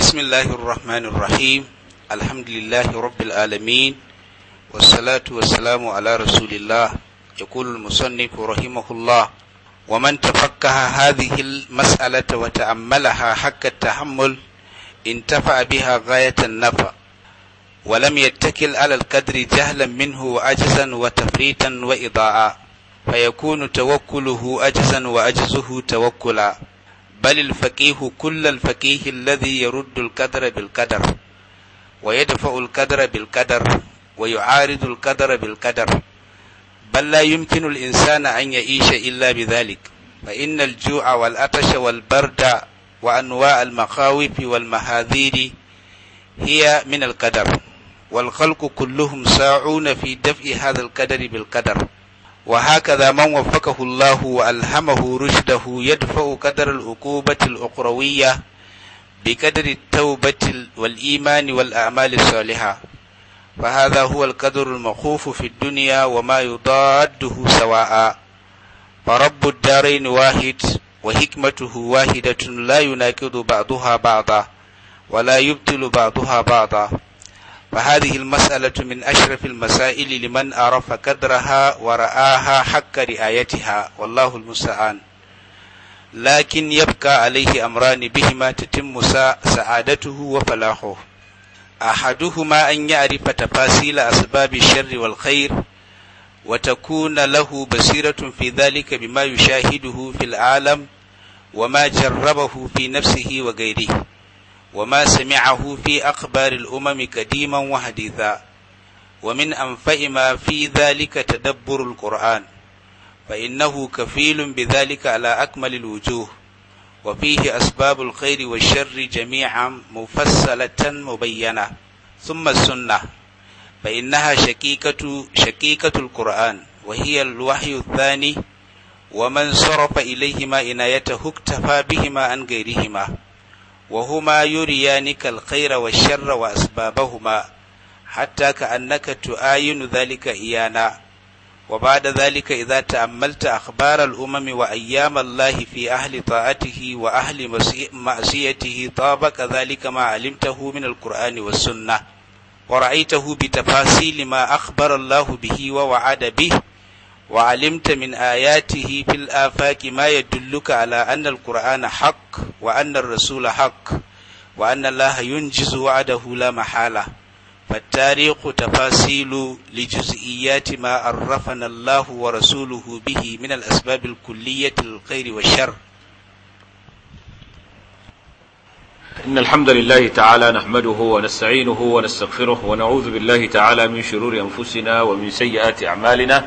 بسم الله الرحمن الرحيم الحمد لله رب العالمين والصلاة والسلام على رسول الله يقول المصنف رحمه الله ومن تفقه هذه المسألة وتأملها حق التحمل انتفع بها غاية النفع ولم يتكل على القدر جهلا منه وعجزا وتفريطا وإضاعا فيكون توكله أجزا وأجزه توكلا بل الفقيه كل الفقيه الذي يرد القدر بالقدر ويدفع القدر بالقدر ويعارض القدر بالقدر بل لا يمكن الإنسان أن يعيش إلا بذلك فإن الجوع والعطش والبرد وأنواع المخاوف والمهاذير هي من القدر والخلق كلهم ساعون في دفع هذا القدر بالقدر وهكذا من وفقه الله وألهمه رشده يدفع قدر العقوبة الأقروية بقدر التوبة والإيمان والأعمال الصالحة فهذا هو القدر المخوف في الدنيا وما يضاده سواء فرب الدارين واحد وحكمته واحدة لا يناقض بعضها بعضا ولا يبطل بعضها بعضا فهذه المسألة من أشرف المسائل لمن عرف قدرها ورآها حق رعايتها والله المستعان لكن يبقى عليه أمران بهما تتم سعادته وفلاحه أحدهما أن يعرف تفاصيل أسباب الشر والخير وتكون له بصيرة في ذلك بما يشاهده في العالم وما جربه في نفسه وغيره وما سمعه في أخبار الأمم قديما وحديثا ومن أنفع ما في ذلك تدبر القرآن فإنه كفيل بذلك على أكمل الوجوه وفيه أسباب الخير والشر جميعا مفصلة مبينة ثم السنة فإنها شقيقة شقيقة القرآن وهي الوحي الثاني ومن صرف إليهما عنايته اكتفى بهما عن غيرهما وهما يريانك الخير والشر وأسبابهما حتى كأنك تؤاين ذلك إيانا وبعد ذلك إذا تأملت أخبار الأمم وأيام الله في أهل طاعته وأهل معصيته طابق ذلك ما علمته من القرآن والسنة ورأيته بتفاصيل ما أخبر الله به ووعد به وعلمت من آياته في الآفاق ما يدلك على أن القرآن حق وأن الرسول حق وأن الله ينجز وعده لا محالة فالتاريخ تفاصيل لجزئيات ما عرفنا الله ورسوله به من الأسباب الكلية للخير والشر إن الحمد لله تعالى نحمده ونستعينه ونستغفره ونعوذ بالله تعالى من شرور أنفسنا ومن سيئات أعمالنا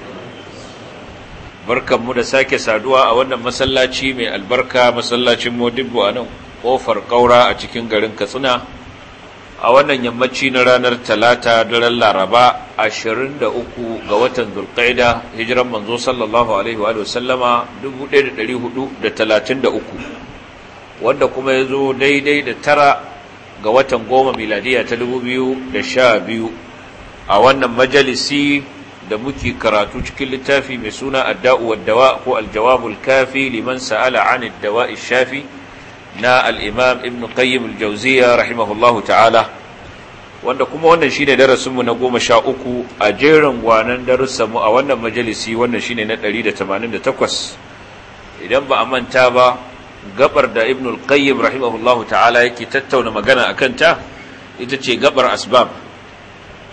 barkanmu da sake saduwa a wannan masallaci mai albarka masallacin modibbo a nan kofar ƙaura a cikin garin katsina a wannan yammaci na ranar talata daren laraba 23 ga watan zulqaida hijiran manzo sallallahu alaihi wa sallama 1433 wanda kuma ya zo daidai da tara ga watan goma miladiya ta 2012 a wannan majalisi da muke karatu cikin littafi mai suna adda'u wa dawa ko aljawabul kafi liman sa'ala an dawa shafi na al-imam ibn qayyim al-jawziya rahimahullahu ta'ala wanda kuma wannan shine darasin mu na 13 a jerin gwanan darussan mu a wannan majalisi wannan shine na 188 idan ba a manta ba gabar da ibn al-qayyim rahimahullahu ta'ala yake tattauna magana akan ta ita ce gabar asbab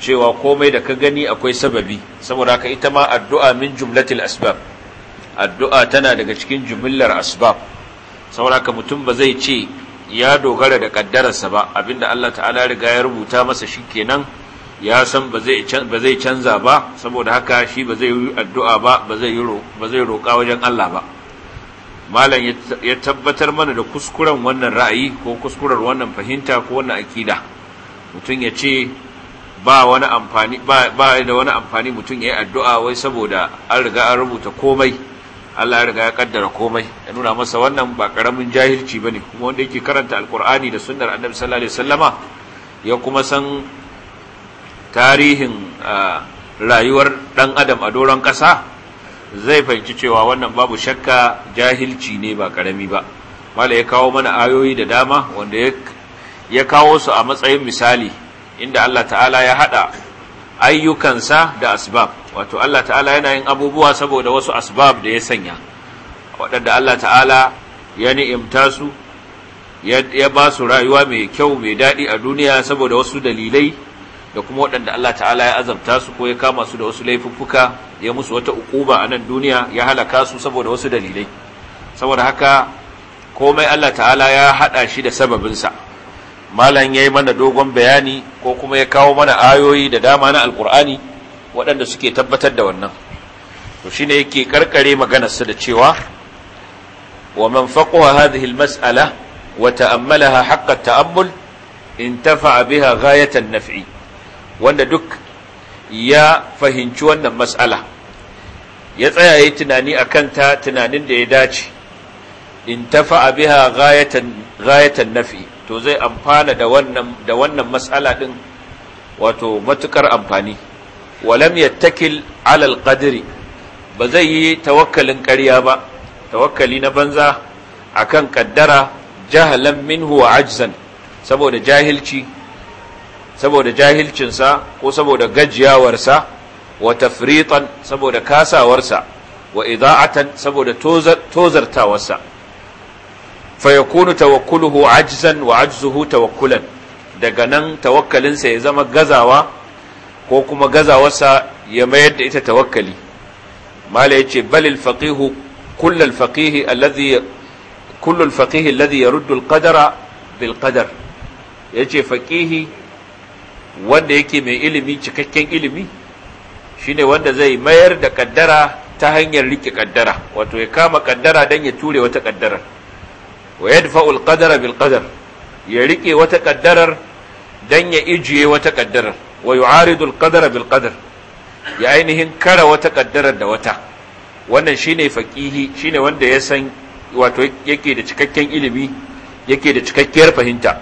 cewa komai da ka gani akwai sababi saboda haka ita ma addu'a min jumlatil asbab addu'a tana daga cikin jumillar asbab saboda haka mutum ba zai ce ya dogara da kaddararsa ba abinda Allah ta'ala riga ya rubuta masa shikenan ya san ba zai canza ba saboda haka shi ba zai yi addu'a ba ba zai roƙa wajen Allah ba malam ya tabbatar mana da kuskuren wannan ra'ayi ko kuskurar wannan fahimta ko wannan akida mutum ya ce ba wani amfani ba da wani amfani mutum ya yi addu'a wai saboda an riga an rubuta komai Allah ya riga ya kaddara komai ya nuna masa wannan ba karamin jahilci bane kuma wanda yake karanta alkur'ani da sunnar annabi sallallahu alaihi wasallama ya kuma san tarihin rayuwar dan adam a doron ƙasa zai fahimci cewa wannan babu shakka jahilci ne ba karami ba mala ya kawo mana ayoyi da dama wanda ya kawo su a matsayin misali inda Allah ta'ala ya hada ayyukansa da asbab wato Allah ta'ala yana yin abubuwa saboda wasu asbab da ya sanya waɗanda Allah ta'ala ya ni'imta su ya ba su rayuwa mai kyau mai daɗi a duniya saboda wasu dalilai da kuma waɗanda Allah ta'ala ya azabta su ko ya kama su da wasu laifuffuka ya musu wata ukuba a nan duniya ya halaka su saboda wasu dalilai saboda haka komai Allah ta'ala ya haɗa shi da sababinsa malam ya yi mana dogon bayani ko kuma ya kawo mana ayoyi da dama na alkur'ani waɗanda suke tabbatar da wannan to shine yake karkare maganarsa da cewa wa man faqaha hadhihi almas'ala wa ta'ammalaha haqqa ta'ammul intafa'a biha ghayatan naf'i wanda duk ya fahimci wannan mas'ala ya tsaya yayi tunani akan ta tunanin da ya dace intafa'a biha ghayatan ghayatan naf'i to zai amfana da wannan matsala ɗin wato matukar amfani walam yattakil ala ba zai yi tawakkalin ƙarya ba tawakkali na banza akan kaddara jahalan minhu wa ajzan saboda jahilci saboda jahilcinsa ko saboda gajiyawarsa wa tafritan saboda kasawarsa wa ida'atan saboda tozartawarsa fa yakunu tawakkuluhu zan wa ajzuhu tawakkulan daga nan tawakkalinsa ya zama gazawa ko kuma gazawarsa ya mayar da ita tawakkali mala yace balil faqihu kullal faqihi alladhi ya al kadara alladhi yaruddu al bil qadar yace faqihi wanda yake mai ilimi cikakken ilimi shine wanda zai mayar da kaddara ta hanyar rike kaddara wato ya kama kaddara dan ya ture wata kaddara wa yadfa'u al-qadara bil qadar ya rike wata kaddarar dan ya ijiye wata kaddarar wa yu'aridu al-qadara bil qadar ya ainihin kara wata kaddarar da wata wannan shine faqihi shine wanda ya san wato yake da cikakken ilimi yake da cikakkiyar fahimta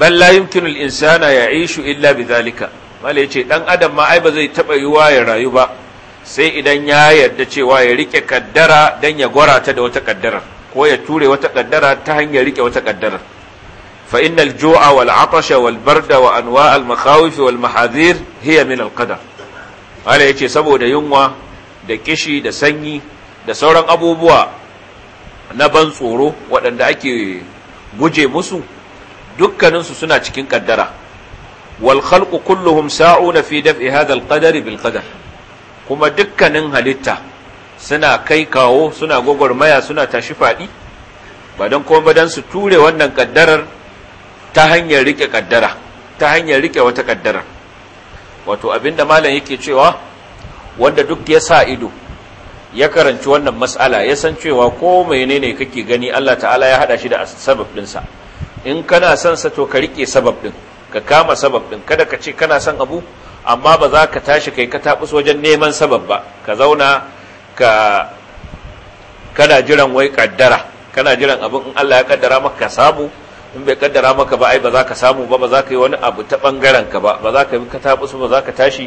bal la yumkinu al-insana ya'ishu illa bidhalika mala yace dan adam ma ai ba zai taba yuwa ya rayu ba sai idan ya yarda cewa ya rike kaddara dan ya gwara ta da wata ƙaddarar. ko ya ture wata kaddara ta hanyar rike wata kaddara fa innal ju'a wal atasha wal barda wa anwa' al makhawif wal mahadhir hiya min al qadar Allah yace saboda yunwa da kishi da sanyi da sauran abubuwa na ban tsoro waɗanda ake guje musu dukkaninsu suna cikin kaddara wal khalqu kulluhum sa'una fi daf'i hadha al qadari bil qadar kuma dukkanin halitta suna kai kawo suna gwagwarmaya suna tashi faɗi ba don kuma don su ture wannan kaddarar ta hanyar rike kaddara ta hanyar rike wata kaddara wato abinda malam yake cewa wanda duk ya sa ido ya karanci wannan matsala, ya san cewa ko ne kake gani Allah ta'ala ya hada shi da sabab dinsa in kana son sa to ka rike sabab din ka kama sabab din kada ka ce kana son abu amma ba za ka tashi kai ka tabus wajen neman sabab ba ka zauna ka kana jiran wai kaddara kana jiran abin in Allah ya kaddara maka ka samu in bai kaddara maka ba ai ba za ka samu ba ba za ka yi wani abu ta bangaren ka ba ba za ka yi ka su ba za ka tashi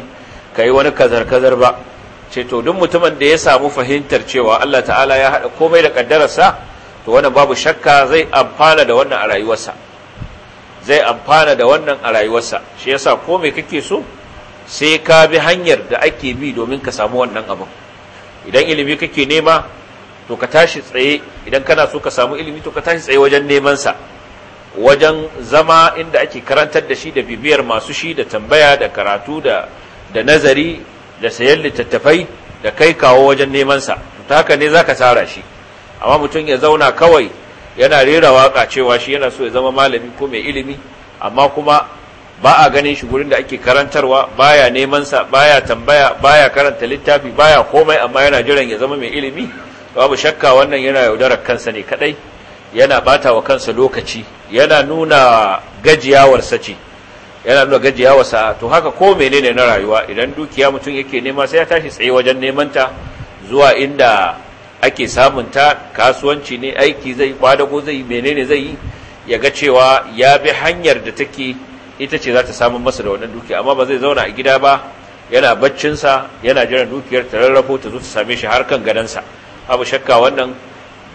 ka yi wani kazar kazar ba ce to duk mutumin da ya samu fahimtar cewa Allah ta'ala ya haɗa komai da kaddararsa to wannan babu shakka zai amfana da wannan a rayuwarsa zai amfana da wannan a rayuwarsa shi yasa ko me kake so sai ka bi hanyar da ake bi domin ka samu wannan abin idan ilimi kake nema to ka tashi tsaye idan kana so ka samu ilimi to ka tashi tsaye wajen neman sa wajen zama inda ake karantar da shi da bibiyar masu shi da tambaya da karatu da da nazari da sayan littattafai da kai kawo wajen nemansa. sa to haka ne zaka tsara shi amma mutum ya zauna kawai yana rera waka cewa shi yana so ya zama malami ko mai ilimi amma kuma ba a ganin shi gurin da ake karantarwa baya neman sa baya tambaya baya karanta littafi baya komai amma yana jiran ya zama mai ilimi babu shakka wannan yana yaudarar kansa ne kadai yana bata wa kansa lokaci yana nuna gajiyawarsa ce yana nuna gajiyawarsa to haka ko menene na rayuwa idan dukiya mutum yake nema sai ya tashi tsaye wajen neman ta zuwa inda ake samun ta kasuwanci ne aiki zai kwadago zai menene zai yi ya ga cewa ya bi hanyar da take ita ce za ta samun masa da wannan dukiya amma ba zai zauna a gida ba yana baccinsa yana jiran dukiyar ta rarrafo ta zo ta same shi har kan gadansa abu shakka wannan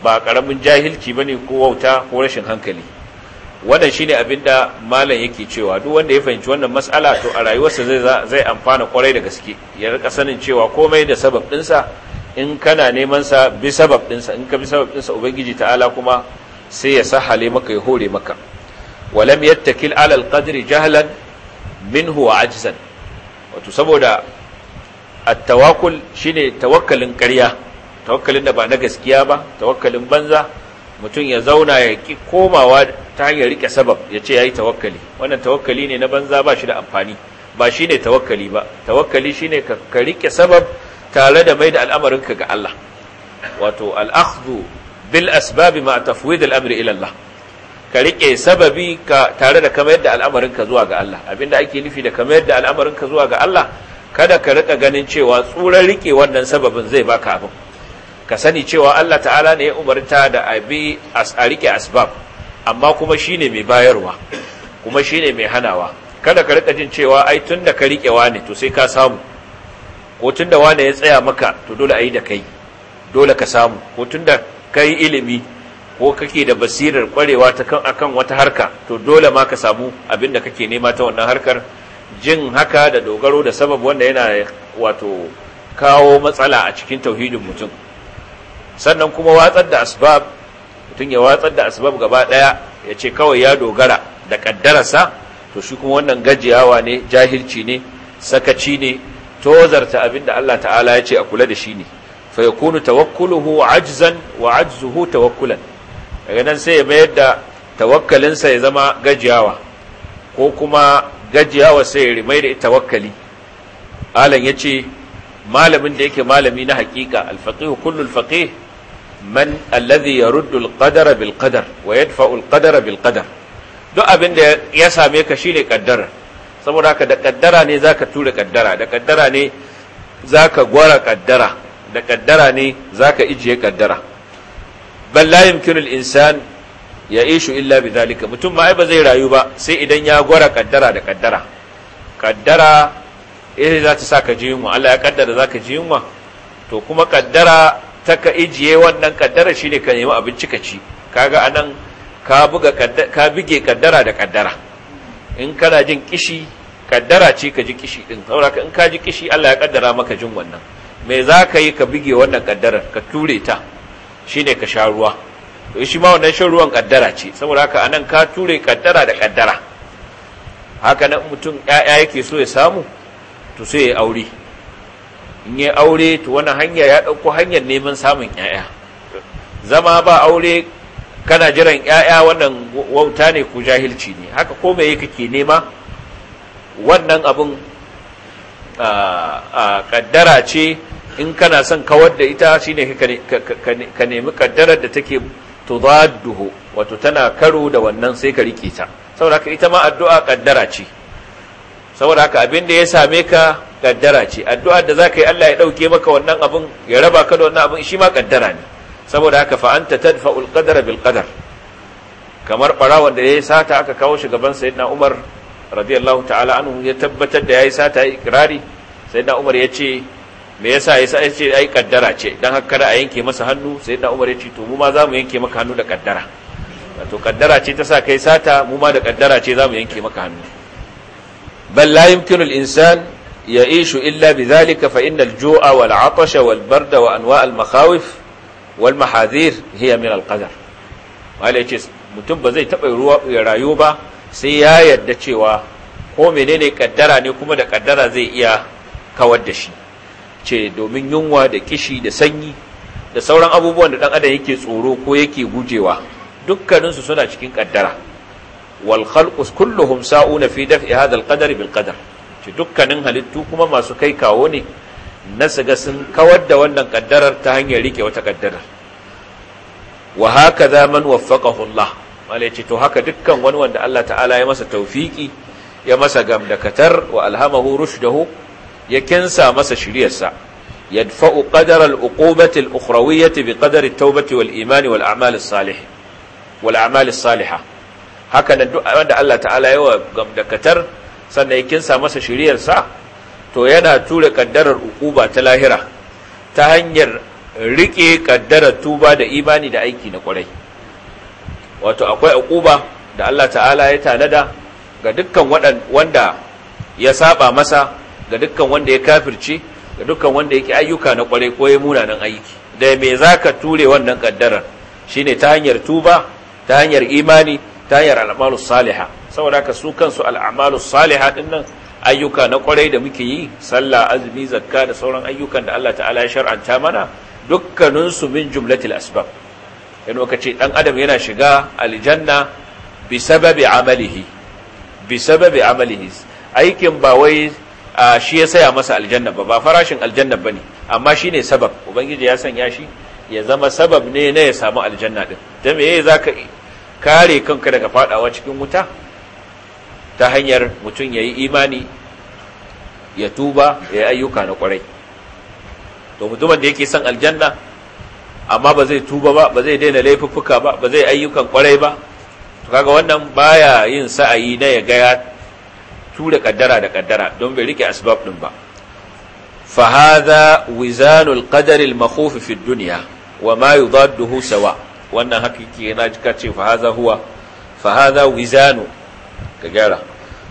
ba karamin jahilci ba ne ko wauta ko rashin hankali wannan shi ne abin da malam yake cewa duk wanda ya fahimci wannan matsala to a rayuwarsa zai zai amfana kwarai da gaske ya rika sanin cewa komai da sabab ɗinsa in kana neman sa bi sabab ɗinsa in ka bi sabab ɗinsa ubangiji ta'ala kuma sai ya sahale maka ya hore maka walam yattakil alal alqadri jahlan minhu wa ajzan wato saboda at-tawakkul shine tawakkalin ƙarya tawakkalin da ba na gaskiya ba tawakkalin banza mutum ya zauna ya ki komawa ta hanyar rike sabab ya ce ya yi tawakkali wannan tawakkali ne na banza ba shi da amfani ba shine tawakkali ba tawakkali shine ka, riƙe sabab tare da mai da al'amarinka ga Allah wato al-akhdhu bil asbabi ma tafwid al-amri ila Allah ka riƙe sababi ka tare da kamar yadda al'amarin ka zuwa ga Allah abinda ake nufi da kamar yadda al'amarin ka zuwa ga Allah kada ka rika ganin cewa tsuran rike wannan sababin zai baka abin ka sani cewa Allah ta'ala ne ya umarta da abi a rike asbab amma kuma shine mai bayarwa kuma shine mai hanawa kada ka rika jin cewa ai tunda ka rike wani to sai ka samu ko tunda wani ya tsaya maka to dole ayi da kai dole ka samu ko tunda kai ilimi ko kake da basirar kwarewa ta kan akan wata harka to dole ma ka samu abin da kake nema ta wannan harkar jin haka da dogaro da sabab wanda yana wato kawo matsala a cikin tauhidin mutum sannan kuma watsar da asbab mutum ya watsar da asbab gaba daya ya ce kawai ya dogara da kaddararsa to shi kuma wannan gajiyawa ne jahilci ne sakaci ne tozarta abin da Allah ta'ala ya ce a kula da shi ne fa yakunu tawakkuluhu ajzan wa ajzuhu tawakkulan daga nan sai ya mayar da tawakkalinsa ya zama gajiyawa ko kuma gajiyawa sai ya rimai da tawakkali alan ya ce malamin da yake malami na hakika alfaqih kullul faqih man alladhi yaruddu alqadara bil qadar wa yadfa'u alqadara bil qadar duk abin da ya same ka shine kaddara saboda haka da kaddara ne zaka tura kaddara da kaddara ne zaka gwara kaddara da kaddara ne zaka ijiye kaddara bal la yumkinu al-insan ya ishu illa bidhalika mutum ma ai zai rayu ba sai idan ya gwara kaddara da kaddara kaddara eh za ta saka ji yunwa Allah ya kaddara zaka ji yunwa to kuma kaddara ta ka ijiye wannan kaddara shine ka nemi abinci ka ci kaga anan ka buga ka bige kaddara da kaddara in kana jin kishi kaddara ce ka ji kishi din saboda in ka ji kishi Allah ya kaddara maka jin wannan me za ka yi ka bige wannan kaddara? ka ture ta shine ka sha ruwa to shi ma wannan shan ruwan kaddara ce saboda haka anan ka ture kaddara da kaddara haka nan mutum ƴaƴa yake so ya samu to sai ya aure in ya aure to wannan hanya ya ɗauko hanyar neman samun ƴaƴa zama ba aure kana jiran ƴaƴa wannan wauta ne ko jahilci ne haka ko me kake nema wannan abun a ah, ah, kaddara ce in kana son kawar da ita shine ka nemi kaddarar da take tudadduhu wato tana karo da wannan sai ka rike ta saboda haka ita ma addu'a kaddara ce saboda haka abin da ya same ka kaddara ce addu'a da zaka yi Allah ya ɗauke maka wannan abin ya raba ka da wannan abin shi ma kaddara ne saboda haka fa'anta anta tadfa'ul bil qadar kamar barawon da ya sata aka kawo shi gaban sayyidina Umar radiyallahu ta'ala anhu ya tabbatar da yayi sata ikrari sayyidina Umar ya ce me yasa yasa ya ce ai kaddara ce dan haka da a yanke masa hannu sai da Umar ya ce to mu ma zamu yanke maka hannu da kaddara to kaddara ce ta sa kai sata mu ma da kaddara ce zamu yanke maka hannu bal la yumkinu al insan يعيش إلا بذلك فإن الجوع والعطش والبرد وأنواع المخاوف والمحاذير هي من القدر wale ya ce mutum ba zai taɓa rayu ba sai ya yarda cewa ko menene kaddara ne kuma da kaddara zai iya kawar da shi ce domin yunwa da kishi da sanyi da sauran abubuwan da dan adam yake tsoro ko yake gujewa dukkaninsu suna cikin kaddara wal khalqu kulluhum sa'una fi daf'i hadha al qadar bil qadar ce dukkanin halittu kuma masu kai kawo ne na siga sun kawar da wannan kaddarar ta hanyar rike wata kaddarar wa hakaza man waffaqahu Allah malai ce to haka dukkan wani wanda Allah ta'ala ya masa tawfiki ya masa gamdakatar wa alhamahu rushdahu ya kinsa masa shiryarsa ya qadara ƙadarar uƙubatil al-ukhrawiyyati bi qadari at-taubati wal imani wal a'mal salih wal a'mal haka duk wanda Allah ta'ala yawa gamdakatar sannan ya kinsa masa shiryarsa to yana tura kaddarar uƙuba ta lahira ta hanyar rike kaddarar tuba da imani da aiki na kwarai wato akwai uƙuba da Allah ta'ala ya tanada ga dukkan wanda ya saba masa ga dukkan wanda ya kafirce ga dukkan wanda yake ayyuka na kwarai ko ya munanan aiki da me zaka ture wannan kaddarar shine ta hanyar tuba ta hanyar imani ta hanyar al'amalu salihah saboda ka su kansu al'amalu saliha din nan ayyuka na kwarai da muke yi sallah azumi zakka da sauran ayyukan da Allah ta'ala ya shar'anta mana dukkanin su min jumlatil asbab yana ce dan adam yana shiga aljanna bi sababi amalihi bi sababi amalihi aikin ba wai shi ya saya masa aljanna ba ba farashin aljanna ba bane amma ne sabab ubangiji ya sanya shi ya zama sabab ne na ya samu aljanna din ta me zaka kare kanka daga fadawa cikin wuta ta hanyar mutum yayi imani ya tuba ya ayyuka na kwarai to mutumin da yake son aljanna amma ba zai tuba ba ba zai daina laifuffuka ba ba zai ayyukan kwarai ba to kaga wannan baya yin sa'ayi na ya ga tura kaddara da kaddara don bai rike asbab din ba fa hadha wizanul qadar al makhuf fi dunya wa ma yudadduhu sawa wannan hakiki yana jika ce fa hadha huwa fa hadha wizanu ka gyara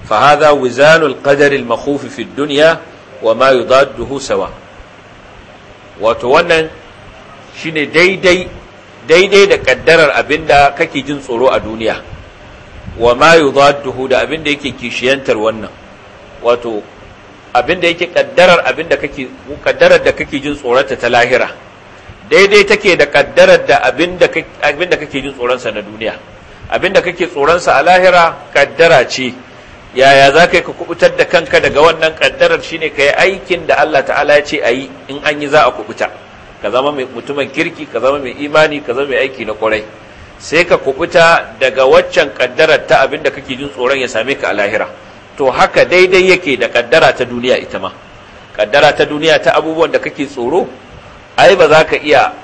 fa hadha wizanul qadar al makhuf fi dunya wa ma yudadduhu sawa wato wannan shine daidai daidai da kaddarar abinda kake jin tsoro a duniya wa ma duhu da abin da yake kishiyantar wannan wato abin da yake kaddarar abin da kake kaddarar da kake jin tsorata ta lahira daidai take da kaddarar da abin da abin da kake jin tsoronsa na duniya abin da kake tsoronsa a lahira kaddara ce yaya za ka yi ka kubutar da kanka daga wannan kaddarar shine ka yi aikin da Allah ta'ala ya ce a yi in an yi za a kubuta ka zama mai mutumin kirki ka zama mai imani ka zama mai aiki na kwarai sai ka kubuta daga waccan kaddarar ta abinda kake jin tsoron ya same ka a lahira to haka daidai yake da kaddara ta duniya ita ma kaddara ta duniya ta abubuwan da kake tsoro ai ba za ka iya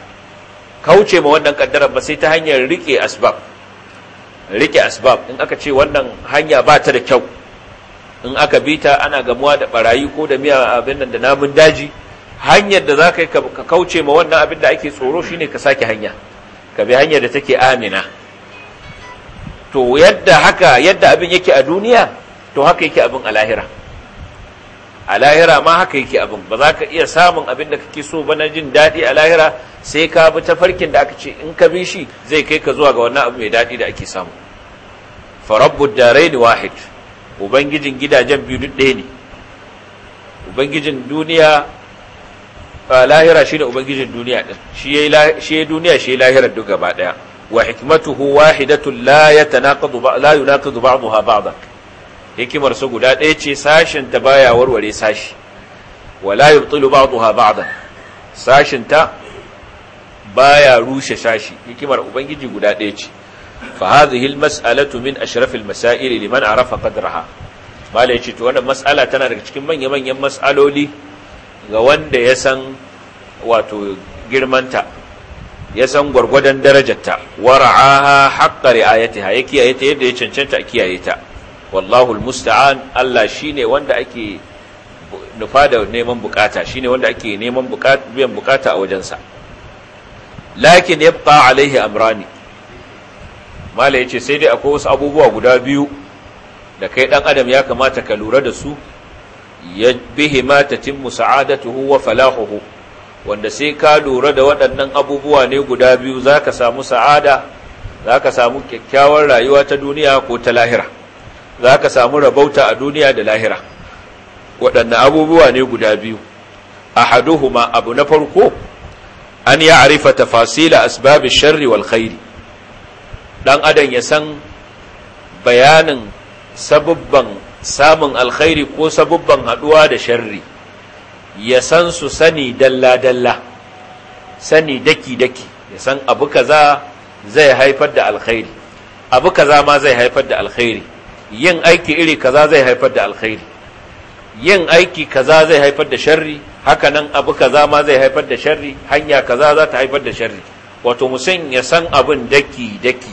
kauce ma wannan kaddarar ba sai ta hanyar rike asbab rike asbab in aka ce wannan hanya ba ta da kyau in aka bi ta ana gamuwa da barayi ko da miya abin nan da namun daji hanyar da za ka kauce ma wannan abin da ake tsoro shine ka sake hanya ka bi hanyar da take amina to yadda haka yadda abin yake a duniya to haka yake abin a lahira a lahira ma haka yake abin ba za ka iya samun abin da kake so ba na jin daɗi a lahira sai ka bi ta farkin da aka ce in ka bi shi zai kai ka zuwa ga wannan abu mai daɗi da ake samu farabbud ni wahid ubangijin gidajen biyu duk ɗaya ne ubangijin duniya lahira shine ubangijin duniya din shi yayi shi duniya shi lahirar duk gaba daya wa hikmatuhu wahidatun la yatanaqadu la yunaqidu ba'daha ba'da hikimar su guda daya ce sashin ta baya warware sashi wa la yubtilu ba'daha ba'da sashin ta baya rushe sashi hikimar ubangiji guda daya ce fa hadhihi almas'alatu min ashrafil masail liman arafa qadraha mala ce to wannan mas'ala tana daga cikin manya-manyan mas'aloli ga wanda ya san wato girmanta ya san gwargwadon darajarta wara'aha haqqa ri'ayatiha ya kiyaye ta yadda ya cancanta a kiyaye ta wallahu almusta'an Allah shine wanda ake nufa da neman bukata shine wanda ake neman biyan bukata a wajensa lakin yabqa alaihi amrani mala yace sai dai akwai wasu abubuwa guda biyu da kai ɗan adam ya kamata ka lura da su bihi ma tatimmu sa'adatuhu wa falahuhu wanda sai ka lura da waɗannan abubuwa ne guda biyu ka samu sa'ada ka samu kyakkyawar rayuwa ta duniya ko ta lahira ka samu rabauta a duniya da lahira waɗannan abubuwa ne guda biyu A ma abu na farko an ya arifa tafasila asbabi sharri wal khairi dan adam ya san bayanin sababban samun alkhairi ko sabubban haɗuwa da sharri ya san su sani dalla-dalla sani daki-daki ya san abu kaza zai haifar da alkhairi abu kaza ma zai haifar da alkhairi yin aiki iri kaza zai haifar da alkhairi yin aiki kaza zai haifar da sharri hakanan abu kaza ma zai haifar da sharri hanya kaza za ta haifar da sharri wato musin ya san abin daki-daki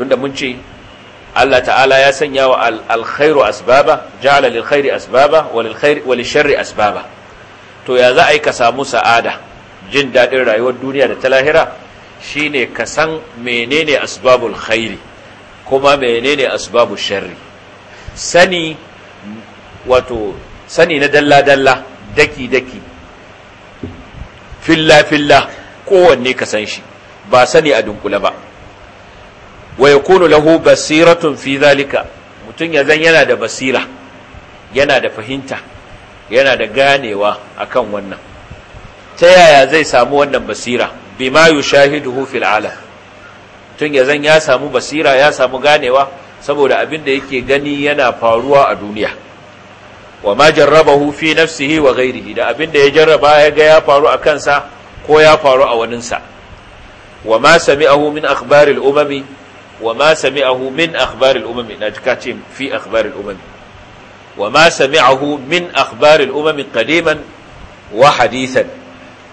tunda mun ce Allah ta'ala ya sanya wa alkhairu asbaba ja'ala lil khairi asbaba wa khairi sharri asbaba to ya za a yi ka samu sa'ada jin dadin rayuwar duniya da ta lahira shine ka san menene asbabul khairi kuma menene asbabul sharri sani wato sani na dalla dalla daki daki filla filla kowanne ka san shi ba sani a dunkule ba wa yakunu lahu basiratun fi zalika mutum ya zan yana da basira yana da fahimta yana da ganewa akan wannan ta yaya zai samu wannan basira bima yushahiduhu fil alam mutum ya zan ya samu basira ya samu ganewa saboda abin da yake gani yana faruwa a duniya wa ma jarrabahu fi nafsihi wa ghairihi da abin da ya jarraba ya ga ya faru a kansa ko ya faru a waninsa wa ma sami'ahu min akhbaril umami wa ma sami'ahu min akhbar umamin umam na jika ce fi akhbar al-umam wa ma sami'ahu min akhbar wa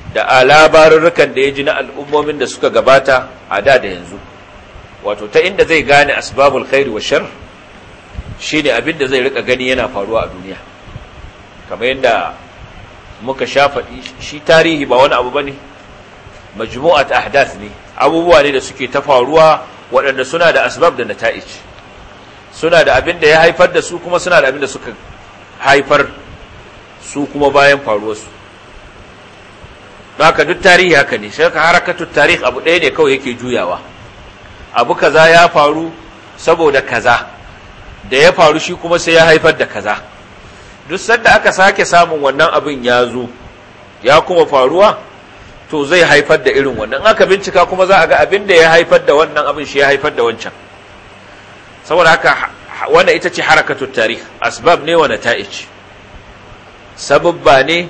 da labarurrukan da ya ji na al'ummomin da suka gabata a da da yanzu wato ta inda zai gane asbabul khairi wa shar shine abin zai rika gani yana faruwa a duniya kamar yadda muka faɗi shi tarihi ba wani abu bane majmu'at ahdath ne abubuwa ne da suke ta faruwa waɗanda suna da asbab da nata'ij suna da abin da ya haifar da su kuma suna da abin da suka haifar su kuma bayan faruwarsu haka duk tarihi haka ne shi haka harakatu tarihi abu ɗaya ne kawai yake juyawa abu kaza ya faru saboda kaza da ya faru shi kuma sai ya haifar da kaza duk sanda aka sake samun wannan abin ya zo ya kuma faruwa to zai haifar da irin wannan aka bincika kuma za a ga abin da ya haifar da wannan abin shi ya haifar da wancan saboda haka wannan ita ce harakatun tarih asbab ne wa nata'ij sababba ne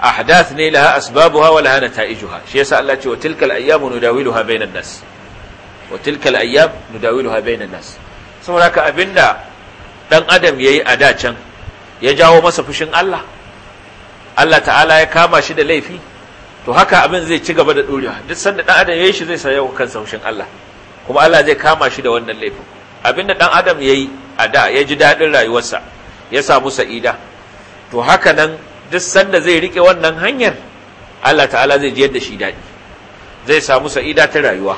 ahdath ne laha asbabuha wa laha nata'ijuha shi yasa Allah ce wa tilkal ayyamu nudawiluha bainan nas wa tilkal ayyam nudawiluha bainan nas saboda haka abinda dan adam yayi a da can ya jawo masa fushin Allah Allah ta'ala ya kama shi da laifi to haka abin zai ci gaba da dorewa duk sanda dan adam yayi shi zai sayo kansa haushin Allah kuma Allah zai kama shi da wannan laifin abin da dan adam yayi a da ya ji daɗin rayuwarsa ya samu sa'ida to haka nan duk sanda zai rike wannan hanyar Allah ta'ala zai ji yadda shi daɗi, zai samu sa'ida ta rayuwa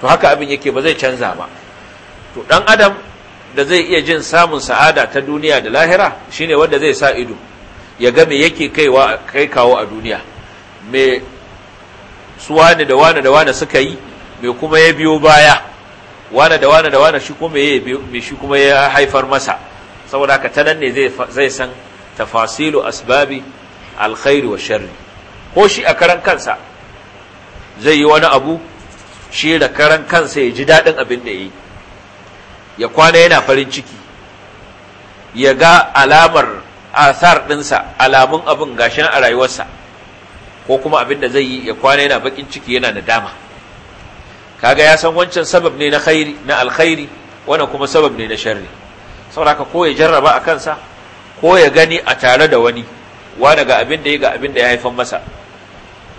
to haka abin yake ba zai canza ba to dan adam da zai iya jin samun sa'ada ta duniya da lahira shine wanda zai sa ido ya ga me yake kaiwa kai kawo a duniya me su wane da wane da wane suka yi me kuma ya biyo baya wane da wane da wane shi kuma ya me shi kuma ya haifar masa saboda haka ta ne zai zai san tafasilu asbabi alkhairi wa sharri ko shi a karan kansa zai yi wani abu shi da karan kansa ya ji daɗin abin da ya yi ya kwana yana farin ciki ya ga alamar asar ɗinsa alamun abin gashin a rayuwarsa ko kuma abin da zai yi ya kwana yana bakin ciki yana nadama kaga ya san wancan sabab ne na khairi na alkhairi wannan kuma sabab ne na sharri saboda ko ya jarraba a kansa ko ya gani a tare da wani wa daga abin da ya ga abin da ya haifan masa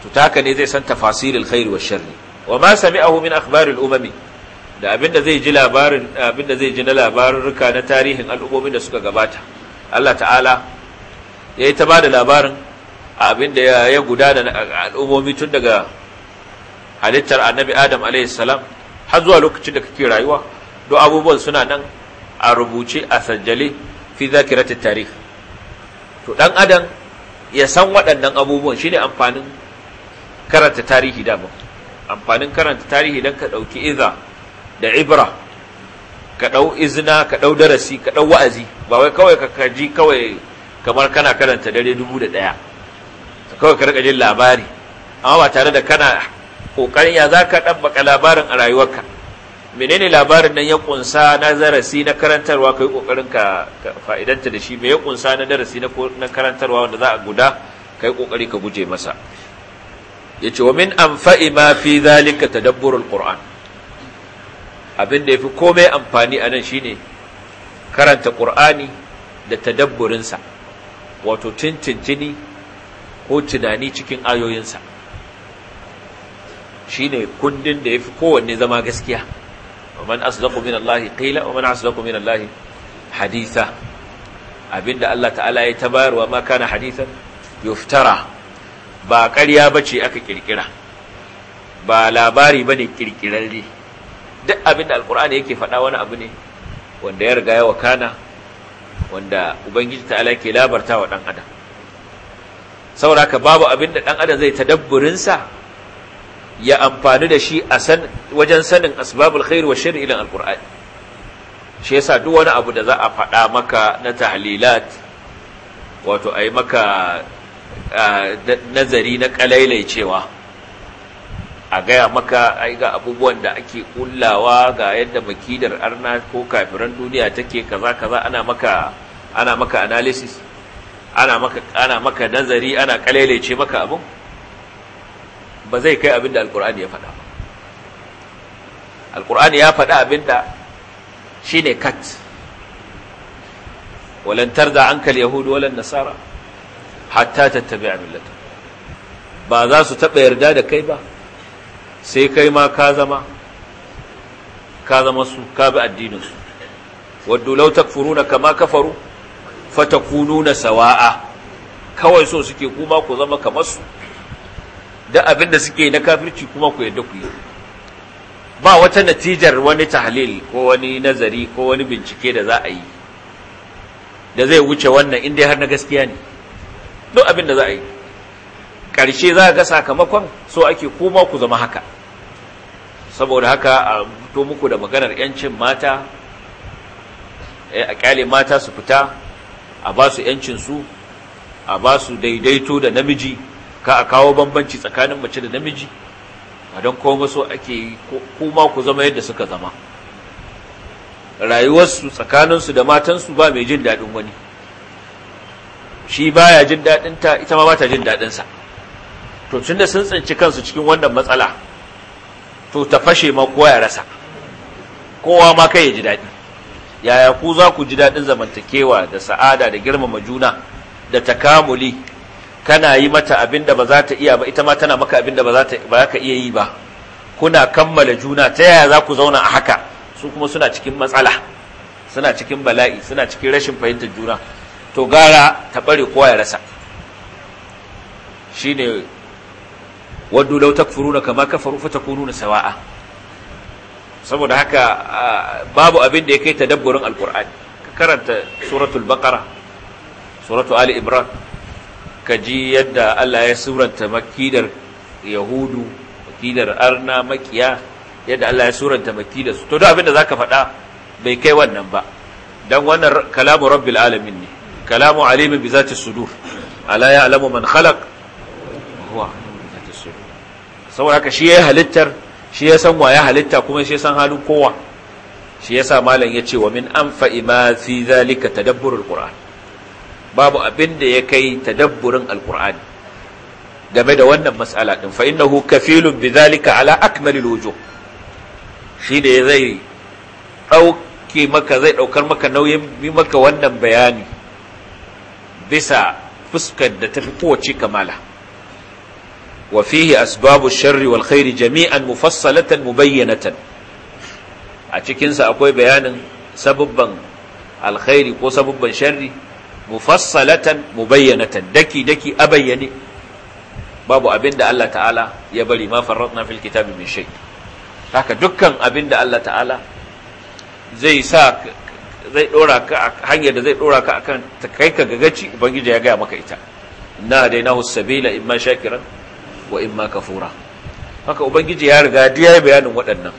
to taka ne zai san tafasilil khairi wa sharri wa ma sami'ahu min akhbaril umami da abin da zai ji labarin abin da zai ji na labarurruka na tarihin al'ummomin da suka gabata Allah ta'ala ya yi ta ba da labarin abin da ya gudana al'ummomi tun daga halittar annabi adam alaihissalam har zuwa lokacin da kake rayuwa don abubuwan suna nan a rubuce a sanjale fi zakiratin tarih to dan adam ya san waɗannan abubuwan shine amfanin karanta tarihi dama amfanin karanta tarihi don ka ɗauki iza da ibra ka ɗau izina ka ɗau darasi ka ɗau wa'azi ba wai kawai ka kaji kawai kamar kana karanta dare dubu da ɗaya kawai ka rika jin labari amma ba tare da kana kokarin ya ka dabbaka labarin a rayuwarka menene labarin nan ya kunsa na darasi na karantarwa kai kokarin ka fa'idanta da shi me ya kunsa na darasi na na karantarwa wanda za a guda kai kokari ka guje masa yace wa min anfa'i ma fi zalika tadabburul qur'an abin da yafi komai amfani a nan shine karanta qur'ani da tadabburinsa wato tintintini ko tunani cikin ayoyinsa shine kundin da yafi kowanne zama gaskiya wa man asdaqu min Allah qila wa man asdaqu min Allah haditha abinda Allah ta'ala ya tabarwa ma kana hadithan yuftara ba ƙarya bace aka kirkira ba labari bane kirkirarre duk abinda alqur'ani yake faɗa wani abu ne wanda ya riga ya wakana wanda ubangiji ta'ala ke labarta wa dan adam saboda haka babu abin da dan adam zai tadabburin sa ya amfani da shi a san wajen sanin asbabul khair wa shar ila alqur'ani shi yasa duk wani abu da za a faɗa maka na tahlilat wato ai maka nazari na cewa a gaya maka ai ga abubuwan da ake kullawa ga yadda makidar arna ko kafiran duniya take kaza kaza ana maka ana maka analysis ana maka ana maka nazari ana kalelece maka abin ba zai kai abin da alkur'ani ya faɗa ba alkur'ani ya faɗa abin da shi ne kat walantar da ankal yahudu walan nasara hatta tattabi a millata ba za su taɓa yarda da kai ba sai kai ma ka zama ka zama su ka bi addininsu waddu lau takfuru na kama kafaru fatakununa sawa'a kawai so suke kuma ku zama kamar su da abin da suke na kafirci kuma ku yadda ku yi ba wata natijar wani tahlil ko wani nazari ko wani bincike da za a yi da zai wuce wannan inda har na gaskiya ne duk abin da za a yi ƙarshe za a ga sakamakon so ake kuma ku zama haka saboda haka a fito muku da maganar 'yancin mata eh, a kyale mata su fita a ba su ‘yancinsu a ba su daidaito da namiji ka a kawo bambanci tsakanin mace da namiji a don koma so ake kuma ku zama yadda suka zama rayuwarsu tsakaninsu da matansu ba mai jin daɗin wani shi baya jin ta ita ma bata jin daɗinsa to da sun tsinci kansu cikin wannan matsala to ta fashe ma kowa ya rasa kowa ma kai ya ji daɗi yaya ku za ku ji daɗin zamantakewa da sa'ada da girmama juna da takamuli kana yi mata abin da ba za ta iya ba ita ma tana maka abin da ba za ka iya yi ba kuna kammala juna ta yaya za ku zauna a haka su kuma suna cikin matsala suna cikin bala'i suna cikin rashin fahimtar juna to gara ta bare kowa ya rasa shine waddu law takfuruna kama kafaru fatakununa sawa'a saboda haka babu abin da ya kai ta tadabburin alkur'ani ka karanta suratul baqara suratul ali imran ka ji yadda Allah ya suranta makidar yahudu makidar arna makiya yadda Allah ya suranta makidar su to duk abin da zaka faɗa bai kai wannan ba dan wannan kalamu rabbil alamin ne kalamu alimin bi zati sudur ala ya'lamu man khalaq huwa saboda haka shi ya halittar shi ya san waya halitta kuma shi ya san halin kowa shi yasa malam yace wa min anfa'i ma fi zalika tadabburul qur'an babu abin da ya kai tadabburin alqur'an game da wannan mas'ala din fa innahu kafilun zalika ala akmalil wujuh shi da zai dauke maka zai daukar maka nauyin bi maka wannan bayani bisa fuskar da tafi kowace kamala wa fihi asbabu sharri wal khairi jami'an mufassalatan mubayyanatan a cikinsa akwai bayanin sabubban alkhairi ko sabubban sharri mufassalatan mubayyanatan daki daki a babu abin da Allah ta'ala ya bari ma farratna fil kitabi min shay haka dukkan Allah ta'ala zai dora ka hanyar da zai dora ka akan kai ka gagaci ubangiji ya gaya maka ita inna hadainahu sabila imma shakiran wa imma kafura haka ubangiji ya riga duk bayanin waɗannan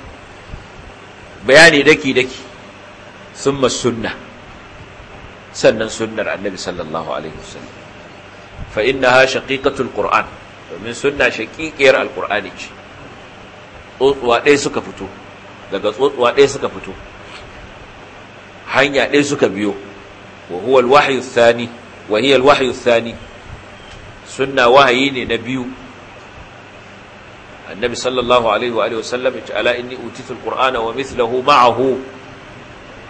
bayani daki daki summa sunna sannan sunnar annabi sallallahu alaihi wasallam fa innaha shaqiqatul qur'an domin sunna shaqiqiyar alqur'ani ce tsotsuwa ɗaya suka fito daga tsotsuwa ɗaya suka fito hanya ɗaya suka biyo wa huwa alwahyu thani wa hiya alwahyu thani sunna wahayi ne na biyu annabi sallallahu alaihi wa sallam ya ce ala inni utitul qur'ana wa mithluhu ma'ahu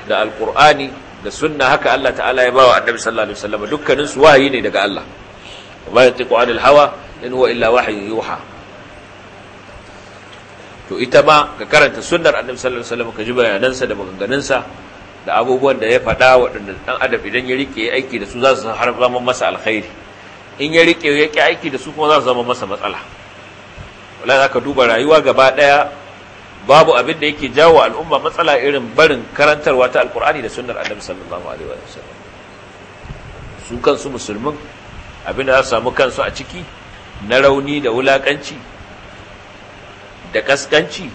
da alqur'ani da sunna haka Allah ta'ala ya bawa annabi sallallahu alaihi wa sallam dukkanin su wahayi ne daga Allah ya yantiqu anil hawa in huwa illa wahyun yuha to ita ma ka karanta sunnar annabi sallallahu alaihi sallam ka ji bayanansa da maganganunsa da abubuwan da ya faɗa waɗanda dan adam idan ya rike aiki da su za su har zama masa alkhairi in ya rike ya aiki da su kuma za su zama masa matsala wala za ka duba rayuwa gaba ɗaya babu abin da yake jawo al'umma matsala irin barin karantarwa ta alkur'ani da sunnar annabi sallallahu alaihi wa sallam su kansu musulmin abin da za su samu kansu a ciki na rauni da wulakanci da kaskanci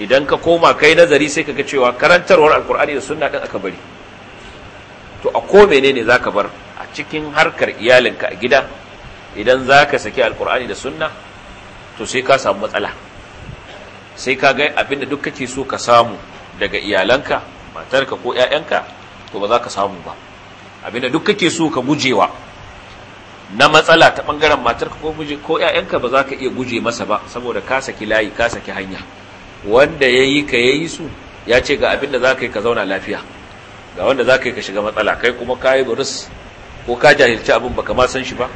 idan ka koma kai nazari sai ka ga cewa karantarwar alkur'ani da sunna din aka bari to a ko menene zaka bar a cikin harkar iyalinka a gida idan zaka saki alkur'ani da sunna to sai ka samu matsala sai ka ga abinda duk kake so ka samu daga iyalanka matarka ko 'ya'yanka to ba za ka samu ba da duk kake so ka gujewa na matsala ta bangaren matarka ko miji ko ƴaƴanka ba za ka iya guje masa ba saboda ka saki layi ka saki hanya wanda yayi ka yayi su ya ce ga abin da za ka yi ka zauna lafiya ga wanda za ka yi ka shiga matsala kai kuma ka yi buris ko ka jahilci abin baka ma san shi ba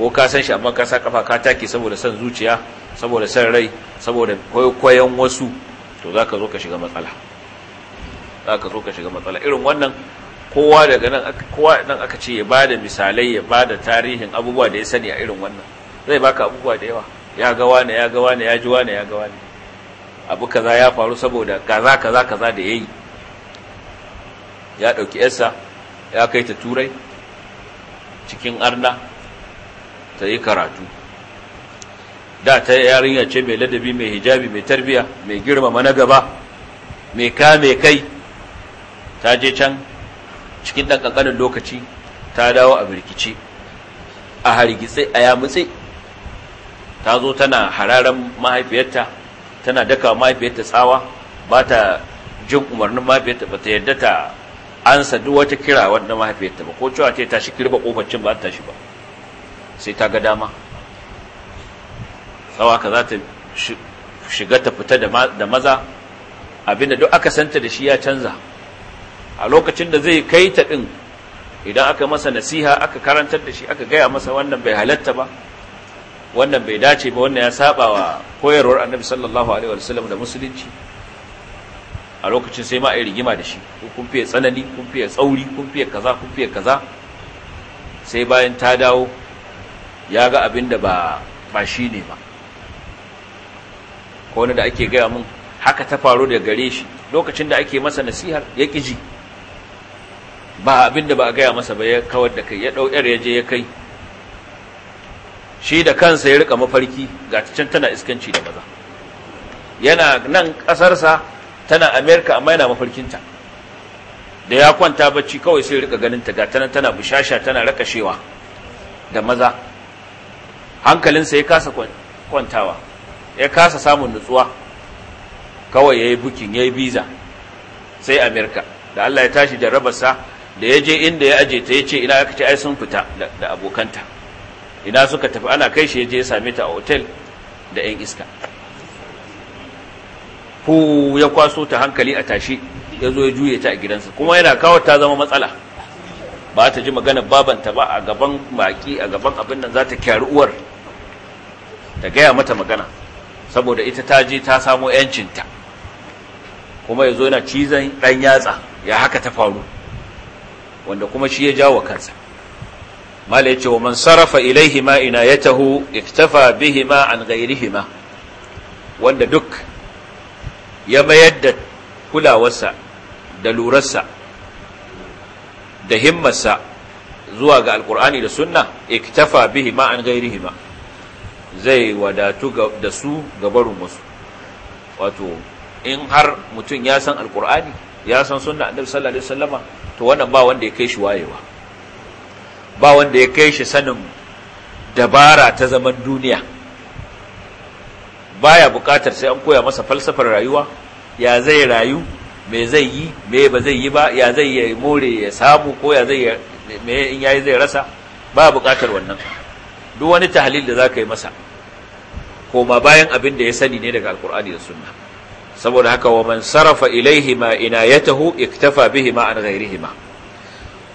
ko ka san shi amma ka sa kafa ka take saboda son zuciya saboda san rai saboda kwaikwayon wasu to za ka zo ka shiga matsala za ka zo ka shiga matsala irin wannan kowa daga nan kowa nan aka ce ya ba da misalai ya ba da tarihin abubuwa da ya sani a irin wannan zai baka abubuwa da yawa ya ga wane ya ga wane ya ji wane ya ga wane abu kaza ya faru saboda kaza kaza kaza da yayi ya dauki yarsa ya kai ta turai cikin arna ta yi karatu da ta yarinya ce mai ladabi mai hijabi mai tarbiya mai girmama na gaba mai kame kai ta je can cikin ɗan ƙanƙanin lokaci ta dawo a birkice a hargitse a yamutse ta zo tana hararan mahaifiyarta tana daka mahaifiyarta tsawa ba ta jin umarnin mahaifiyarta ba ta yarda ta ansa duk wata kira wanda mahaifiyarta ba ko cewa ce ta shi kirba kofacin cin ba ta shi ba sai ta ga dama ka za ta shiga ta fita da maza abinda duk aka santa da shi ya canza a lokacin da zai kai ta ɗin idan aka masa nasiha aka karantar da shi aka gaya masa wannan bai halatta ba wannan bai dace ba wannan ya saba wa koyarwar annabi sallallahu alaihi wasallam da musulunci a lokacin sai ma a rigima da shi kun fiye tsanani kun fiye tsauri kun fiye kaza kun fiye kaza sai bayan ta dawo ya ga abin da ba shi ne ba akwai wani da ake gaya mun haka ta faru da gare shi lokacin da ake masa nasihar ya ƙi ji ba abinda ba a gaya masa ba ya kawar da kai ya ɗaukar ya je ya kai shi da kansa ya rika mafarki ga can tana iskanci da maza yana nan ƙasarsa tana amerika amma yana mafarkinta da ya kwanta bacci kawai sai rika ganin ta gatana tana tana bushasha tana rakashewa da maza hankalinsa ya kasa kwantawa ya kasa samun nutsuwa kawai ya yi bukin ya yi biza sai amerika da allah ya tashi jarrabarsa da ya je inda ya aje ta ya ce ina aka ce ai sun fita da abokanta ina suka tafi ana kai shi ya je ya same ta a otel da 'yan iska ku ya kwaso ta hankali a tashi ya zo ya juye ta a gidansa kuma yana kawo ta zama matsala ba ta ji magana babanta ba a gaban baki a gaban abin nan za ta kyari uwar ta gaya mata magana saboda ita ta je ta samo yancinta kuma ya zo yana cizon ɗan yatsa ya haka ta faru wanda kuma shi ya jawo kansa mala ya ce wa man sarrafa ilaihima ina ya taho iktafa bihima an gairihima wanda duk ya mayar da kulawarsa da lurarsa da himmarsa zuwa ga alkur'ani da sunna iktafa bihima an gairihima zai wadatu da su ga barin wasu wato in har mutum ya san alkur'ani ya san sunna annabi sallallahu alaihi wasallama to wannan ba wanda ya kai shi wayewa ba wanda ya kai shi sanin dabara ta zaman duniya baya bukatar sai an koya masa falsafar rayuwa ya zai rayu me zai yi me ba zai yi ba ya zai ya more ya samu ko ya zai me in yayi zai rasa ba bukatar wannan duk wani tahlil da zaka yi masa koma bayan abin da ya sani ne daga alkur'ani da sunna saboda haka wa man sarafa ilaihima inayatahu iktafa bihima an ghairihima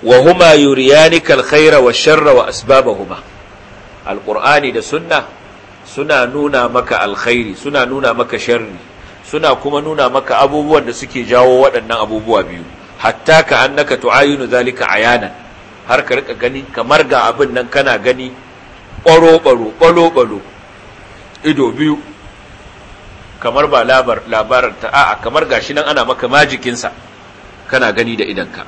wa huma yuriyanika alkhaira wa sharra wa asbabahuma alkur'ani da sunna suna nuna maka alkhairi suna nuna maka sharri suna kuma nuna maka abubuwan da suke jawo waɗannan abubuwa biyu hatta ka annaka tu'ayinu zalika ayanan har ka rika gani kamar ga abin nan kana gani ɓaro-ɓaro ɓalo-ɓalo ido biyu kamar ba labar ta a'a kamar gashi nan ana maka majikinsa kana gani da idanka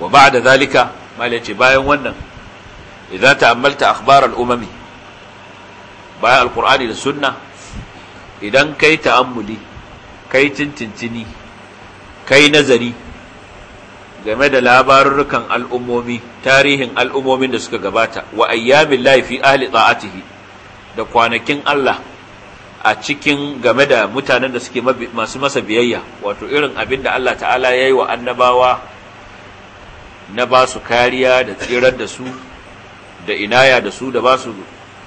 wa ba'da zalika malai bayan wannan idza ta'ammalta akhbar al-umami bayan alqur'ani da sunna idan kai ta'ammuli kai tintintini kai nazari game da labarurrukan al'ummomi tarihin al'ummomin da suka gabata wa ayyamin laifi ahli ta'atihi da kwanakin Allah a cikin game da mutanen da suke masu masa biyayya wato irin abin da Allah ta'ala ya yi wa annabawa na ba su kariya da tsirar da su da inaya da su da ba su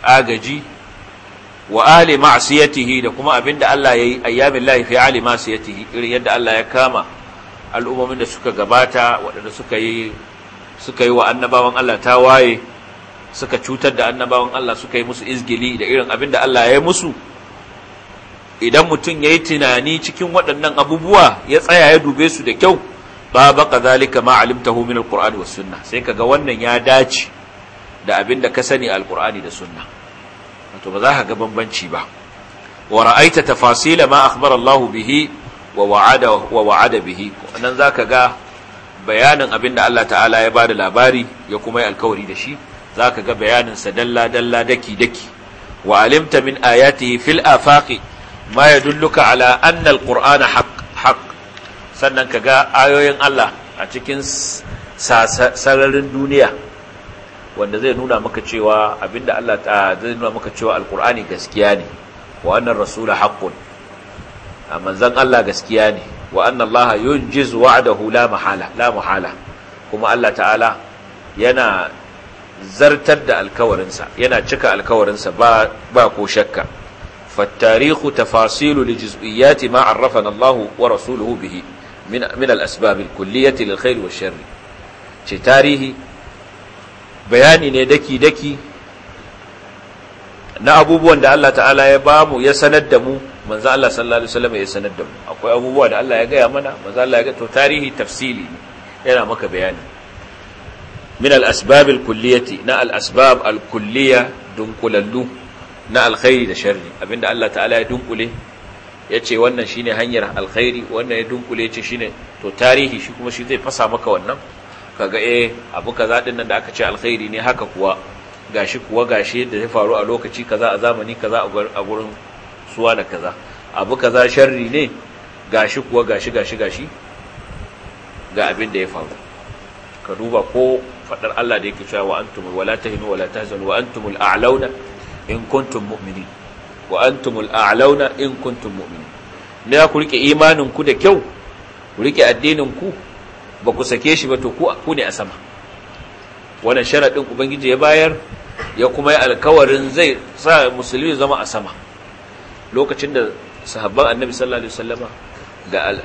agaji wa ali ma'asiyatihi da kuma abin da Allah ya yi ayyamin lahi fi ali ma'asiyatihi irin yadda Allah ya kama al'ummomin da suka gabata waɗanda suka yi wa annabawan Allah ta waye suka cutar da annabawan Allah suka yi musu izgili da irin abin da Allah ya yi musu idan mutum ya yi tunani cikin waɗannan abubuwa ya tsaya ya dube su da kyau ba baka zalika ma alimtahu min alqur'ani was sunna sai kaga wannan ya dace da abin da ka sani alqur'ani da sunna wato ba za ka ga bambanci ba wa ra'aita tafasila ma akhbara Allah bihi wa wa'ada wa wa'ada bihi nan zaka ga bayanin abin da Allah ta'ala ya bada labari ya kuma yi alkawari da shi za ka ga bayaninsa dalla-dalla daki-daki wa alimta min ayatihi fil afaqi ma ya dulluka ala anna alqur'ana haq sannan ka ga ayoyin Allah a cikin sararin duniya wanda zai nuna maka cewa abinda Allah ta zai nuna maka cewa alqur'ani gaskiya ne wa anna rasula haqqun a manzon Allah gaskiya ne wa anna Allah yunjiz wa'dahu la mahala la mahala kuma Allah ta'ala yana zartar da alkawarinsa yana cika alkawarinsa ba ba ko shakka fattarihu tafasilu li juz'iyyati ma arrafana Allah wa rasuluhu bihi min min al-asbab al-kulliyyati lil khair wa sharr ce tarihi bayani ne daki daki na abubuwan da Allah ta'ala ya bamu ya sanar da mu manzo Allah sallallahu alaihi wasallam ya sanar da mu akwai abubuwa da Allah ya gaya mana manzo Allah ya ga to tarihi tafsili yana maka bayani min al-asbab al-kulliyati na al-asbab al dunkulallu na alkhairi da sharri abinda Allah ta'ala ya dunkule yace wannan shine hanyar alkhairi wannan ya dunkule yace shine to tarihi shi kuma shi zai fasa maka wannan kaga eh abu kaza din nan da aka ce alkhairi ne haka kuwa gashi kuwa gashi da ya faru a lokaci kaza a zamani kaza a gurin suwa da kaza abu kaza sharri ne gashi kuwa gashi gashi gashi ga abin da ya faru ka duba ko faɗar Allah da yake cewa wa antum wala tahinu wala tahzanu wa antum al'auna in kuntum mu'minin wa antum al'auna in kuntum mu'minin ne ku rike imanin ku da kyau ku rike addinin ku ba ku sake shi ba to ku ku ne a sama wannan sharadin ubangiji ya bayar ya kuma yi alkawarin zai sa musulmi zama a sama lokacin da sahabban annabi sallallahu alaihi wasallama da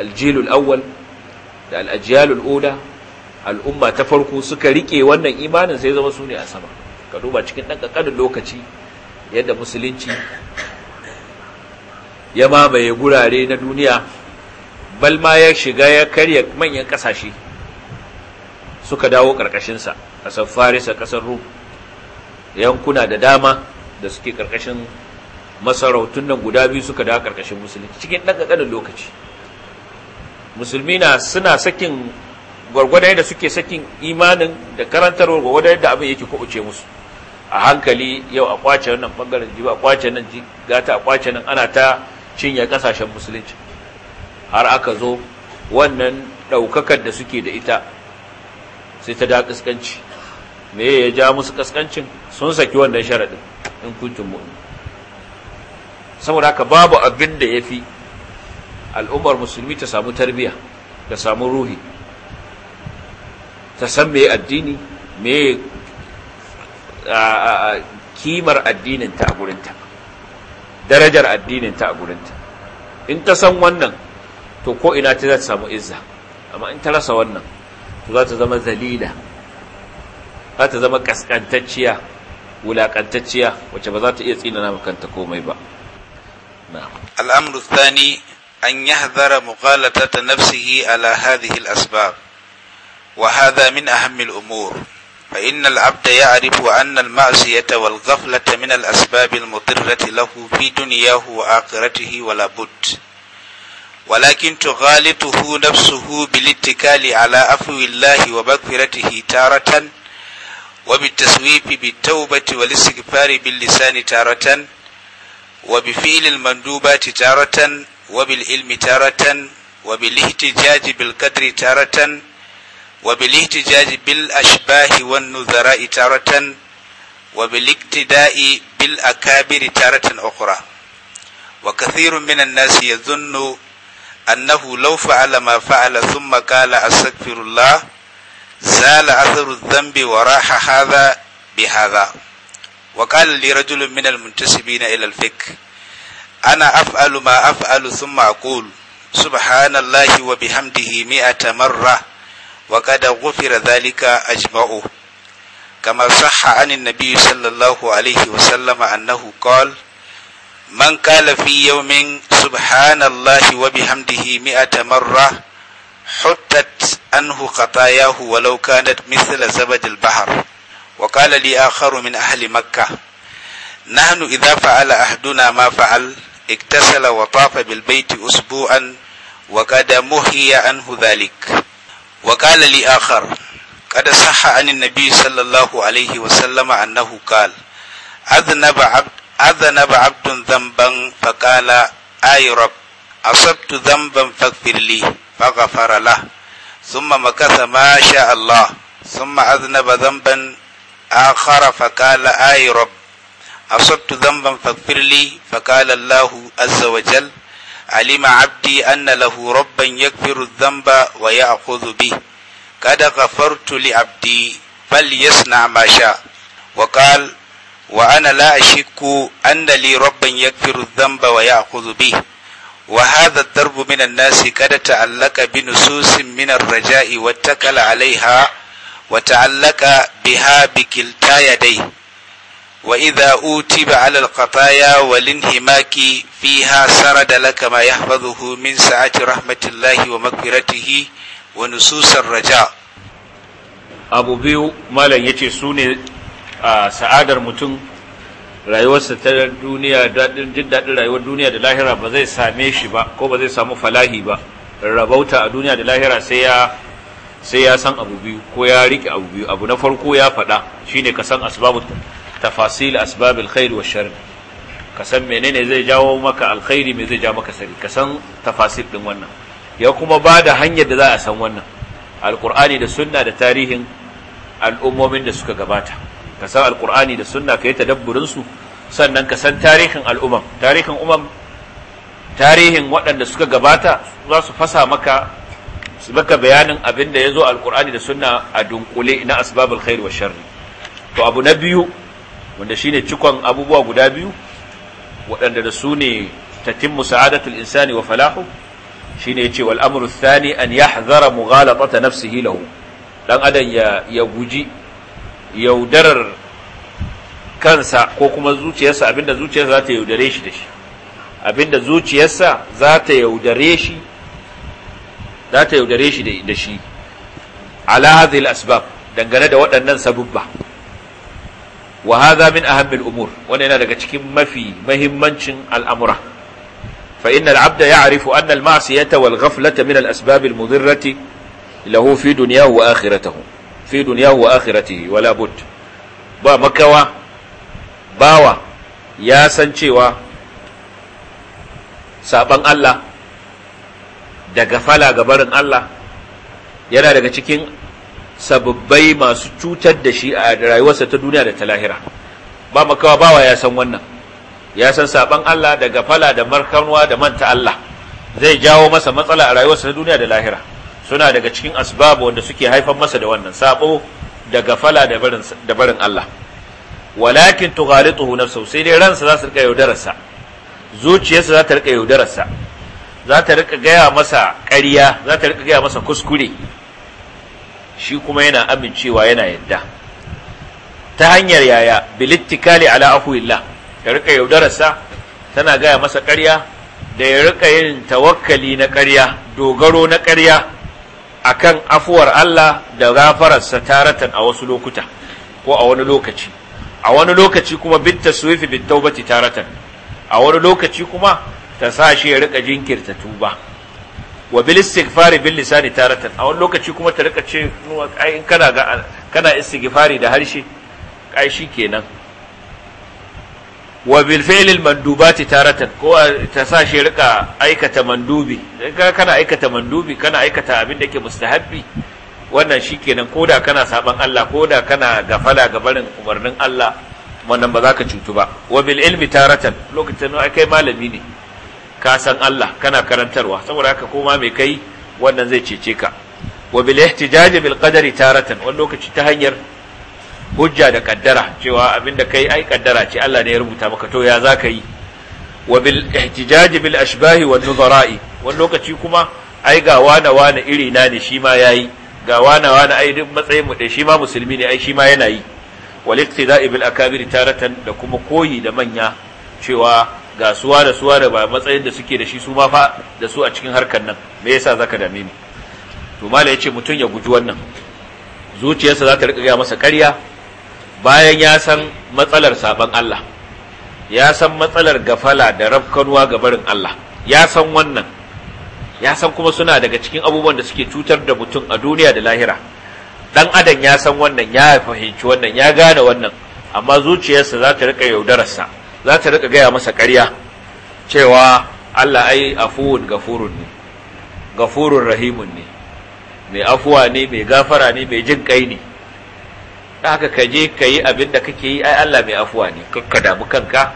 al-jilul awwal da al’ajiyar ula al'umma ta farko suka riƙe wannan imanin sai zama su ne a sama ka duba cikin ɗan ƙaƙanin lokaci yadda musulunci ya mamaye gurare na duniya balma ya shiga ya karya manyan ƙasashe suka dawo ƙarƙashinsa ƙasar farisa ƙasar rum yankuna da dama da suke ƙarƙashin masarautun nan guda biyu suka dawo ƙarƙashin musulunci cikin ɗan ƙaƙanin lokaci musulmi na suna sakin gwargwadon da suke sakin imanin da karantarwar gwargwadon da abin yake kubuce musu a hankali yau a kwace wannan bangaren jiba a kwace nan gata a kwace nan ana ta cinye kasashen musulunci har aka zo wannan daukakar da suke da ita sai ta da kaskanci me ya ja musu kaskancin sun saki wannan sharadin in kuntum mu'min saboda haka babu abin da yafi al'ummar musulmi ta samu tarbiya ta samu ruhi ta san mai addini mai kimar addininta a gurinta darajar addininta a gurinta in ta san wannan to ko ina ta za ta samu izza amma in ta rasa wannan to za ta zama zalila za ta zama kaskantacciya wulakantacciya wacce ba za ta iya tsina tsinana kanta komai ba al'amru thani أن يحذر مغالطة نفسه على هذه الأسباب وهذا من أهم الأمور فإن العبد يعرف أن المعصية والغفلة من الأسباب المضرة له في دنياه وآخرته ولا بد ولكن تغالطه نفسه بالاتكال على عفو الله ومغفرته تارة وبالتسويف بالتوبة والاستغفار باللسان تارة وبفعل المندوبات تارة وبالعلم تارة وبالاحتجاج بالقدر تارة وبالاحتجاج بالأشباه والنذراء تارة وبالاقتداء بالأكابر تارة أخرى وكثير من الناس يظن أنه لو فعل ما فعل ثم قال أستغفر الله زال أثر الذنب وراح هذا بهذا وقال لرجل من المنتسبين إلى الفقه ana af'alu ma af'alu sun ma'akul subhanallahi wa bihamdihi mi'ata marra wa kada gufira zalika ajma'u kamar sahha anin nabi sallallahu alaihi wa sallama annahu qol man kala fi yawmin subhanallahi wa bihamdihi mi'ata marra حطت أنه خطاياه ولو كانت مثل زبد البحر وقال لي آخر من أهل مكة نحن إذا فعل أحدنا ما فعل اكتسل وطاف بالبيت أسبوعا وقد مهي عنه ذلك وقال لآخر قد صح عن النبي صلى الله عليه وسلم أنه قال أذنب عبد أذنب عبد ذنبا فقال أي رب أصبت ذنبا فاغفر لي فغفر له ثم مكث ما شاء الله ثم أذنب ذنبا آخر فقال أي رب أصبت ذنبا فاغفر لي فقال الله عز وجل علم عبدي أن له ربا يغفر الذنب ويأخذ به قد غفرت لعبدي فليصنع ما شاء وقال وأنا لا أشك أن لي ربا يغفر الذنب ويأخذ به وهذا الضرب من الناس قد تعلق بنصوص من الرجاء واتكل عليها وتعلق بها بكلتا يديه وإذا أوتب على القطايا والانهماك فيها سرد لك ما يحفظه من سعة رحمة الله ومغفرته ونصوص الرجاء abu biyu malam ya ce su ne a sa'adar mutum rayuwarsa ta duniya daɗin rayuwar duniya da lahira ba zai same shi ba ko ba zai samu falahi ba rabauta a duniya da lahira sai ya sai ya san abu biyu ko ya abu biyu abu na farko ya faɗa shine kasan san tafasil asbab alkhair wa shar ka san menene zai jawo maka alkhairi me zai jawo maka sari ka san tafasil din wannan ya kuma ba da hanyar da za a san wannan alqur'ani da sunna da tarihin al'ummomin da suka gabata ka san alqur'ani da sunna ka yi tadabburin su sannan ka san tarihin al'umam tarihin umam tarihin waɗanda suka gabata za su fasa maka su maka bayanin abin da ya zo alkur'ani da sunna a dunkule na asbabul khair wa sharri to abu na biyu wanda ne cikon abubuwa guda biyu waɗanda da su ne tatimmu sa'adatul insani wa falahu shine ne wal amru Sani an yahdhara mughalatata nafsihi lahu dan adam ya ya guji yaudarar kansa ko kuma zuciyarsa abinda zuciyarsa za ta yaudare shi da shi abinda zuciyarsa za ta yaudare shi za ta yaudare shi da shi ala hadhihi asbab dangane da waɗannan sabubba wa hadha min ahammil umur wanda yana daga cikin mafi mahimmancin al'amura fa inna Abda ya anna al-ma'siyata wal ghaflata min al-asbab al-mudirrati lahu fi dunyahu wa akhiratihi fi dunyahu wa akhiratihi wala bud ba makawa bawa ya san cewa saban Allah daga fala ga Allah yana daga cikin sababbai masu cutar da shi a rayuwarsa ta duniya da ta lahira ba makawa bawa ya san wannan ya san saban Allah daga fala da markanwa da manta Allah zai jawo masa matsala a rayuwarsa ta duniya da lahira suna daga cikin asbabu wanda suke haifar masa da wannan sabo daga fala da barin da barin Allah walakin tughalituhu nafsuhu sai dai ransa za su rika yaudararsa zuciyarsa za ta rika yaudararsa za ta rika gaya masa ƙarya za ta rika gaya masa kuskure shi kuma yana amincewa yana yadda ta hanyar yaya bilittikali ala ahuwillah ya rika yaudararsa tana gaya masa karya da ya rika yin tawakkali na karya dogaro na ƙarya akan afuwar Allah da gafararsa taratan a wasu lokuta ko a wani lokaci a wani lokaci kuma bit taswifi bit taubati taratan a wani lokaci kuma ta sa shi ya rika jinkirta tuba wa bil istighfari bil lisani taratan a wani lokaci kuma ta rika ce ai in kana ga kana istighfari da harshe ai shikenan wa bil fi'li al mandubati taratan ko ta sa shi rika aikata mandubi kana aikata mandubi kana aikata abin da yake mustahabbi wannan shikenan da kana saban Allah Ko da kana gafala ga barin umarnin Allah wannan ba za ka cutu ba wa bil ilmi taratan lokacin ai kai malami ne ka san Allah kana karantarwa saboda haka koma mai kai wannan zai cece ka wa bil ihtijaj bil qadari taratan wani lokaci ta hanyar hujja da kaddara cewa abinda kai ai kaddara ce Allah ne ya rubuta maka to ya zaka yi wa bil ihtijaj bil ashbahi wan nuzara'i wani lokaci kuma ai ga wana wana iri na ne shi ma yayi ga wana wana ai duk matsayin mu shi ma musulmi ne ai shi ma yana yi wal iqtida'i bil akabir taratan da kuma koyi da manya cewa ga suwa da suwa da ba matsayin da suke da shi su ma fa da su a cikin harkar nan me yasa zaka dame ni to mala yace mutum ya guji wannan zuciyarsa za ta rika ga masa ƙarya bayan ya san matsalar saban Allah ya san matsalar gafala da rafkanuwa ga barin Allah ya san wannan ya san kuma suna daga cikin abubuwan da suke cutar da mutum a duniya da lahira dan adam ya san wannan ya fahimci wannan ya gane wannan amma zuciyarsa za ta riƙa yaudararsa za ta rika gaya masa ƙarya cewa Allah ai afuwun gafurun ne gafurun rahimun ne mai afuwa ne mai gafara ne mai jin kai ne haka ka je ka yi abin da kake yi ai Allah mai afuwa ne ka damu kanka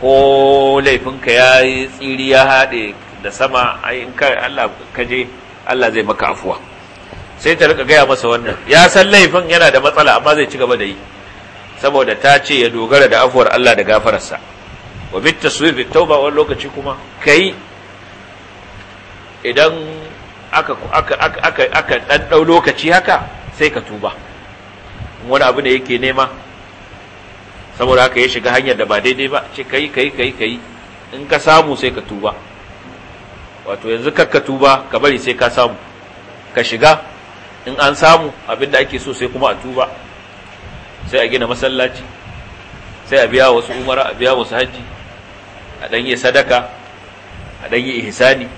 ko laifinka ya yi tsiri ya haɗe da sama ai in ka Allah ka je Allah zai maka afuwa sai ta rika gaya masa wannan ya san laifin yana da matsala amma zai ci gaba da yi saboda ta ce ya dogara da afuwar Allah da gafararsa wa bit taswif bit tauba wani lokaci kuma kai idan aka aka aka aka dan dau lokaci haka sai ka tuba wani abu ne yake nema saboda haka ya shiga hanyar da ba daidai ba ce kai kai kai kai in ka samu sai ka tuba wato yanzu kakka tuba ka bari sai ka samu ka shiga in an samu abinda ake so sai kuma a tuba sai a gina masallaci sai a biya wasu umara a biya wasu hajji a dan yi sadaka a dan yi ihsani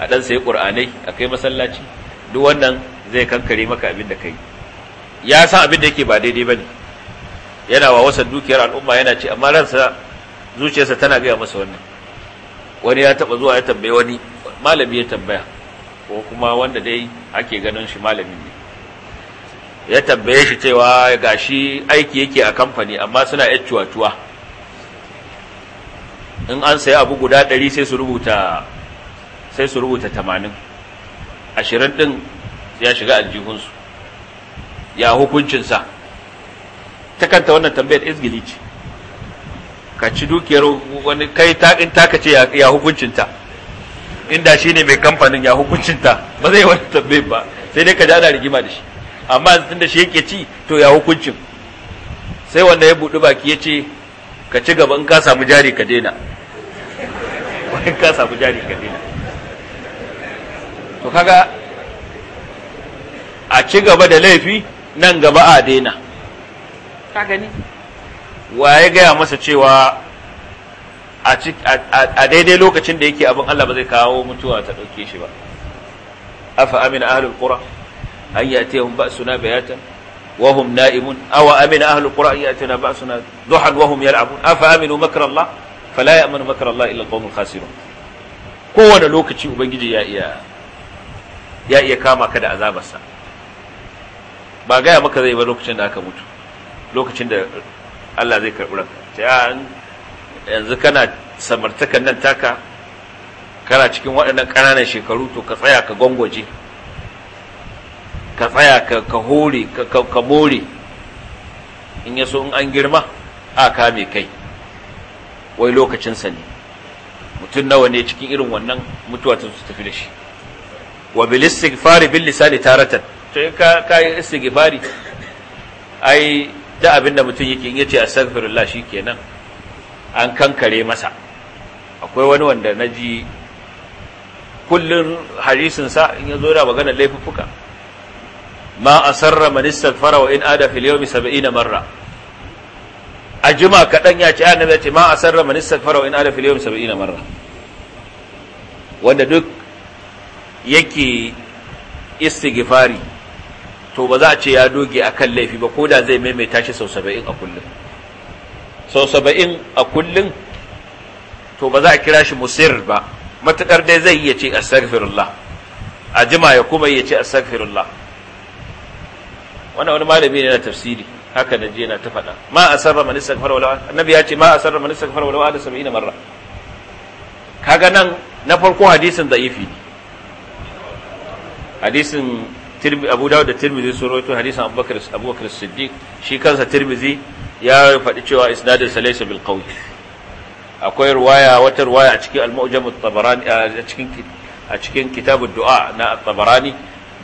a dan sayi qur'anai a kai masallaci duk wannan zai kankare maka abin da kai ya san abin da yake ba daidai bane yana wa wasan dukiyar al'umma yana ce amma ransa zuciyarsa tana gaya masa wannan wani ya taba zuwa ya tambaye wani malami ya tambaya ko kuma wanda dai ake ganin shi malami ne ya tambaye shi cewa ga shi aiki yake a kamfani amma suna yacciwatuwa in an sayi abu guda ɗari sai su rubuta sai su rubuta tamanin ashirin ɗin ya shiga aljihunsu ya hukuncinsa ta kanta wannan tambayar izgili ce ka ci dukiyar wani kai in taka ce ya hukuncinta inda shi ne mai kamfanin ya hukuncinta ba zai wani tambayar ba sai dai ka ji ana rigima da shi amma tun da shi yake ci to ya hukuncin sai wanda ya buɗi baki ya ce ka ci gaba in ka samu jari ka daina in ka samu jari ka daina to kaga a ci gaba da laifi nan gaba a daina ka gani wa ya gaya masa cewa a daidai lokacin da yake abin Allah ba zai kawo mutuwa ta ɗauke shi ba afa amin ahlul qura an yatihum ba'suna bayatan wa hum na'imun aw amina ahlul qura an yatina ba'suna duhan wa hum yal'abun afa aminu makra Allah fala ya'manu makra Allah illa alqawmul khasirun kowane lokaci ubangiji ya iya ya iya kama ka da azabarsa ba gaya maka zai ba lokacin da aka mutu lokacin da Allah zai karɓi ranka yanzu kana samartakan nan taka kana cikin waɗannan ƙananan shekaru to ka tsaya ka gwangwaje ka tsaya ka hore ka more in ya so in an girma a kame kai wai lokacinsa ne mutum nawa ne cikin irin wannan mutuwa ta su tafi da shi wa bilisik fari bil lisani taratan to yi ka yi istighfari ai da abinda mutum yake in yace ke nan. an kankare masa akwai wani wanda na ji kullum sa in ya zo da magana laifuffuka ma asarra man istaghfara wa in ada fil yawmi 70 marra a jima kaɗan ya ce annabi ya ce ma asarra man istaghfara wa in ada fil yawmi 70 marra wanda duk yake istighfari to ba za a ce ya doge a kan laifi ba ko da zai maimaita shi sau 70 a kullum sau 70 a kullum to ba za a kira shi musir ba Matuƙar dai zai iya ce astaghfirullah a jima ya kuma iya ce astaghfirullah wannan wani malami ne na tafsiri haka da je na ta faɗa ma asarra man istaghfara wala annabi ya ce ma asarra man istaghfara wala da 70 marra kaga nan na farko hadisin da'ifi ne hadisin Abu Dawud da Tirmidhi sun rawaito hadisin Abubakar Abubakar Siddiq shi kansa Tirmidhi ya faɗi cewa isnadin sa laysa bil qawi akwai ruwaya wata ruwaya a cikin al-Mu'jam at-Tabarani a cikin a cikin kitab dua na at-Tabarani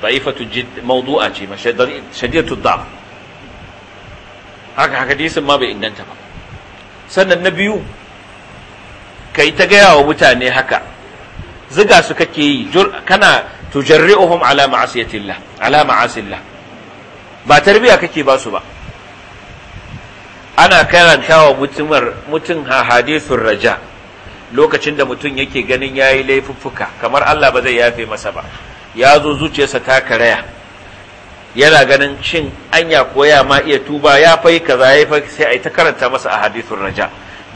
da'ifatu jid mawdu'a ce shadidatu da'f haka hadisin ma bai inganta ba sannan na biyu kai ta gaya wa mutane haka ziga su kake yi kana tujarri'uhum ala ma'asiyatillah ala ma'asillah ba tarbiya kake ba su ba ana karanta wa mutumar mutum hadithun raja lokacin da mutum yake ganin yayi laifuffuka kamar Allah ba zai yafe masa ba ya zo zuciyarsa ta karaya yana ganin cin anya koya ma iya tuba ya fai kaza ya fai sai a yi ta karanta masa a hadithun raja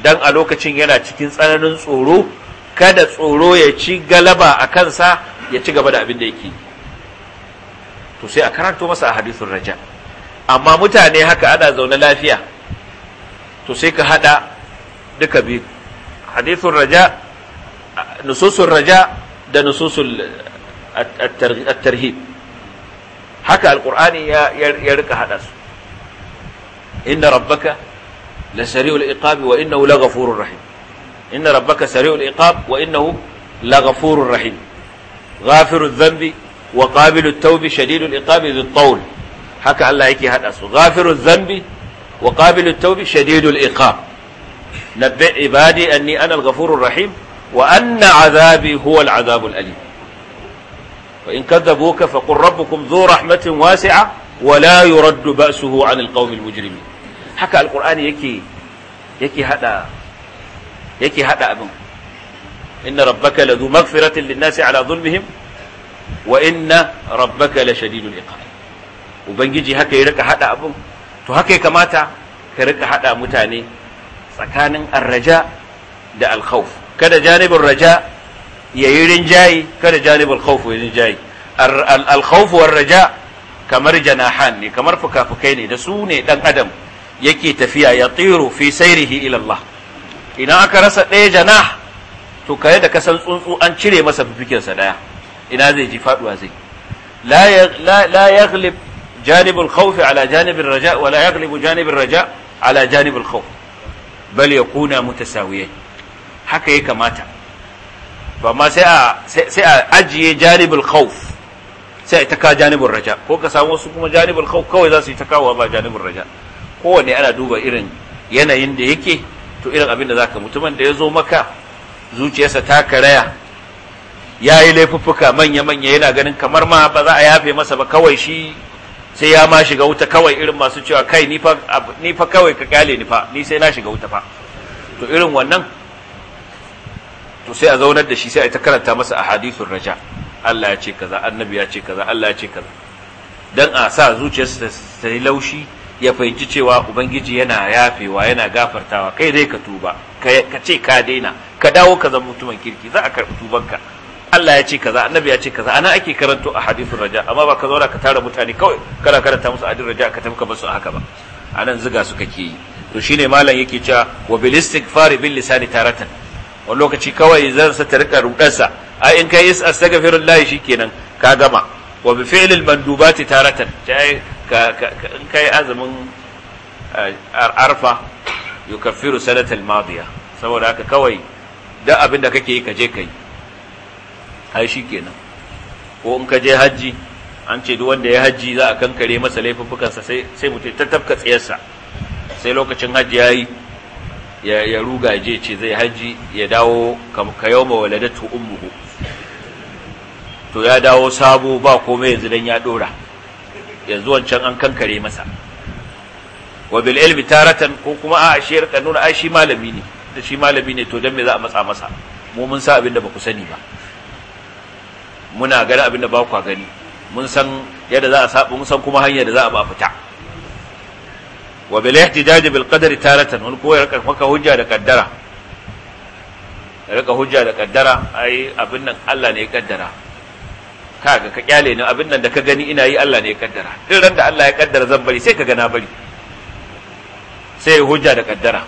dan a lokacin yana cikin tsananin tsoro kada tsoro ya ci galaba a kansa ya ci gaba da abin da yake to sai a karanto masa a hadithun raja amma mutane haka ana zaune lafiya to sai ka hada duka biyu hadithun raja nususun raja da nususun الترهيب حكى القرآن يرك هدس إن ربك لسريع الإقاب وإنه لغفور رحيم إن ربك سريع الإقاب وإنه لغفور رحيم غافر الذنب وقابل التوب شديد الإقاب ذي الطول حكى الله يكي هدس غافر الذنب وقابل التوب شديد الإقاب نبئ عبادي أني أنا الغفور الرحيم وأن عذابي هو العذاب الأليم wa in kadzabuka faqur rabbukum dhu rahmatin wasi'a wa la yuraddu ba'suhu 'anil qawmil mujrimin haka alqur'ani yake yake hada yake hada inna rabbaka ladhu maghfiratin lin-nasi 'ala dhulmihim wa inna rabbaka lashadidul iqab ubangiji haka ya rika hada abin to haka ya kamata ka rika haɗa mutane tsakanin arraja da alkhawf kada janibin raja ya yi rinjaye kada janibul khawf ya rinjaye al khawf war raja kamar janahan ne kamar fukafukai ne da su ne dan adam yake tafiya ya tsiro fi sairihi ila Allah idan aka rasa ɗaya janah to kare da kasan tsuntsu an cire masa fifikinsa daya ina zai ji faduwa zai la yaghlib janib al-khawf ala janib raja wa la yaghlib janib ar-raja ala janib al-khawf bal yakuna mutasawiyain haka ya kamata to amma sai a sai ajiye janibul khawf sai a ka janibul raja ko ka samu wasu kuma janibul khawf kawai za su yi ta kawo ba janibul raja kowanne ana duba irin yanayin da yake to irin abin da zaka mutumin da ya zo maka zuciyarsa ta karaya ya yi laifuffuka manya-manya yana ganin kamar ma ba za a yafe masa ba kawai shi sai ya ma shiga wuta kawai irin masu cewa kai ni fa kawai ka kyale ni fa ni sai na shiga wuta fa to irin wannan to sai a zaunar da shi sai a ta karanta masa a ahadithur raja Allah ya ce kaza annabi ya ce kaza Allah ya ce kaza dan a sa zuciyarsa ta yi laushi ya fahimci cewa ubangiji yana yafewa yana gafartawa kai dai ka tuba ka ce ka daina ka dawo ka zama mutumin kirki za a karɓi tubanka Allah ya ce kaza annabi ya ce kaza ana ake karanto a hadisin raja amma ba ka zauna ka tara mutane kawai kana karanta musu hadin raja ka tafi ka basu haka ba anan ziga su kake yi to shine malam yake cewa wa bil istighfari bil lisani taratan wani lokaci kawai zan sa ta rika rudarsa a in kai is astaghfirullah shikenan ka gama wa bi fi'lil mandubati taratan ka in kai azumin eh, arfa yukaffiru sanatal madiya saboda haka kawai da abin da kake yi ka je kai ai shikenan ko in ka je haji an ce duk wanda ya haji za a kankare masa laifuffukansa sai sai mutum ta tafka tsayarsa sai lokacin haji yayi ya ruga je ce zai hajji ya dawo ka yau mawaladatu umuhu to ya dawo sabo ba komai yanzu dan ya dora yanzu wancan an kankare masa wa bil ilmi taratan ko kuma a shi yarka nuna a shi malami ne da shi malami ne to don me za a matsa masa mu mun sa abin da ba ku sani ba muna gani abin da ba ku gani mun san yadda za a saba mun san kuma hanyar da za a ba fita wa bil ihtijaj bil qadari taratan wani ko ya rika maka hujja da kaddara ya rika hujja da kaddara ai abin nan Allah ne ya kaddara kaga ka kyale ni abin nan da ka gani ina yi Allah ne ya kaddara duk ran da Allah ya kaddara zan bari sai ka gana bari sai hujja da kaddara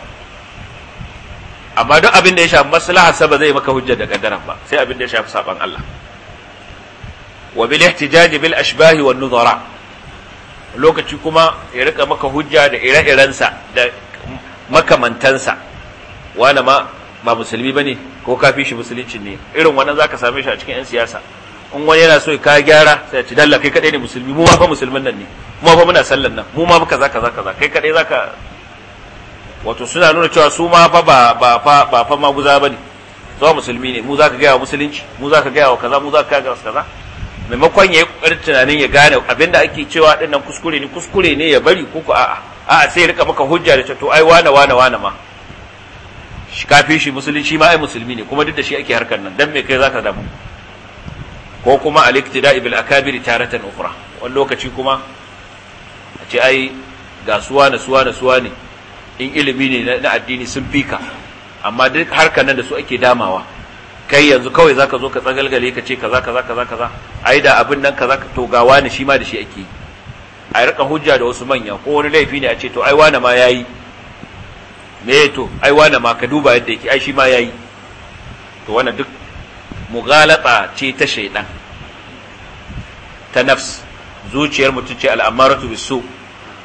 amma duk abin da ya shafi maslaha sa ba zai maka hujja da kaddara ba sai abin da ya shafi saban Allah wa bil ihtijaj bil ashbah wan nuzara lokaci kuma ya rika maka hujja da ire-irensa da makamantansa wani ma ba musulmi ba ne ko fi shi musulunci ne irin wannan za ka same shi a cikin 'yan siyasa in wani yana so ka gyara sai ci dalla kai kadai ne musulmi mu ma fa musulmin nan ne mu fa muna sallan nan mu ma fa kaza kaza kaza kai kadai zaka wato suna nuna cewa su ma fa ba ba fa ba fa maguza bane zuwa musulmi ne mu zaka ga musulunci mu zaka ga kaza mu zaka ga kaza maimakon ya yi ƙoƙarin tunanin ya gane abin da ake cewa ɗin nan kuskure ne kuskure ne ya bari ko a'a a'a sai rika maka hujja da to ai wane wane wane ma shi kafi shi shi ma ai musulmi ne kuma duk da shi ake harkar nan dan me kai zaka damu ko kuma al iktida bil akabir taratan ukhra wani lokaci kuma a ce ai ga suwa na suwa na suwa ne in ilimi ne na addini sun fika amma duk harkar nan da su ake damawa kai yanzu kawai zaka zo ka tsagalgale ka ce kaza kaza kaza kaza ai da abin nan kaza to ga wani shi ma da shi ake a rika hujja da wasu manya ko wani laifi ne a ce to ai wani ma yayi me to ai wani ma ka duba yadda yake ai shi ma yayi to wannan duk mughalata ce ta shaydan ta nafs zuciyar mutum ce al'amaratu bisu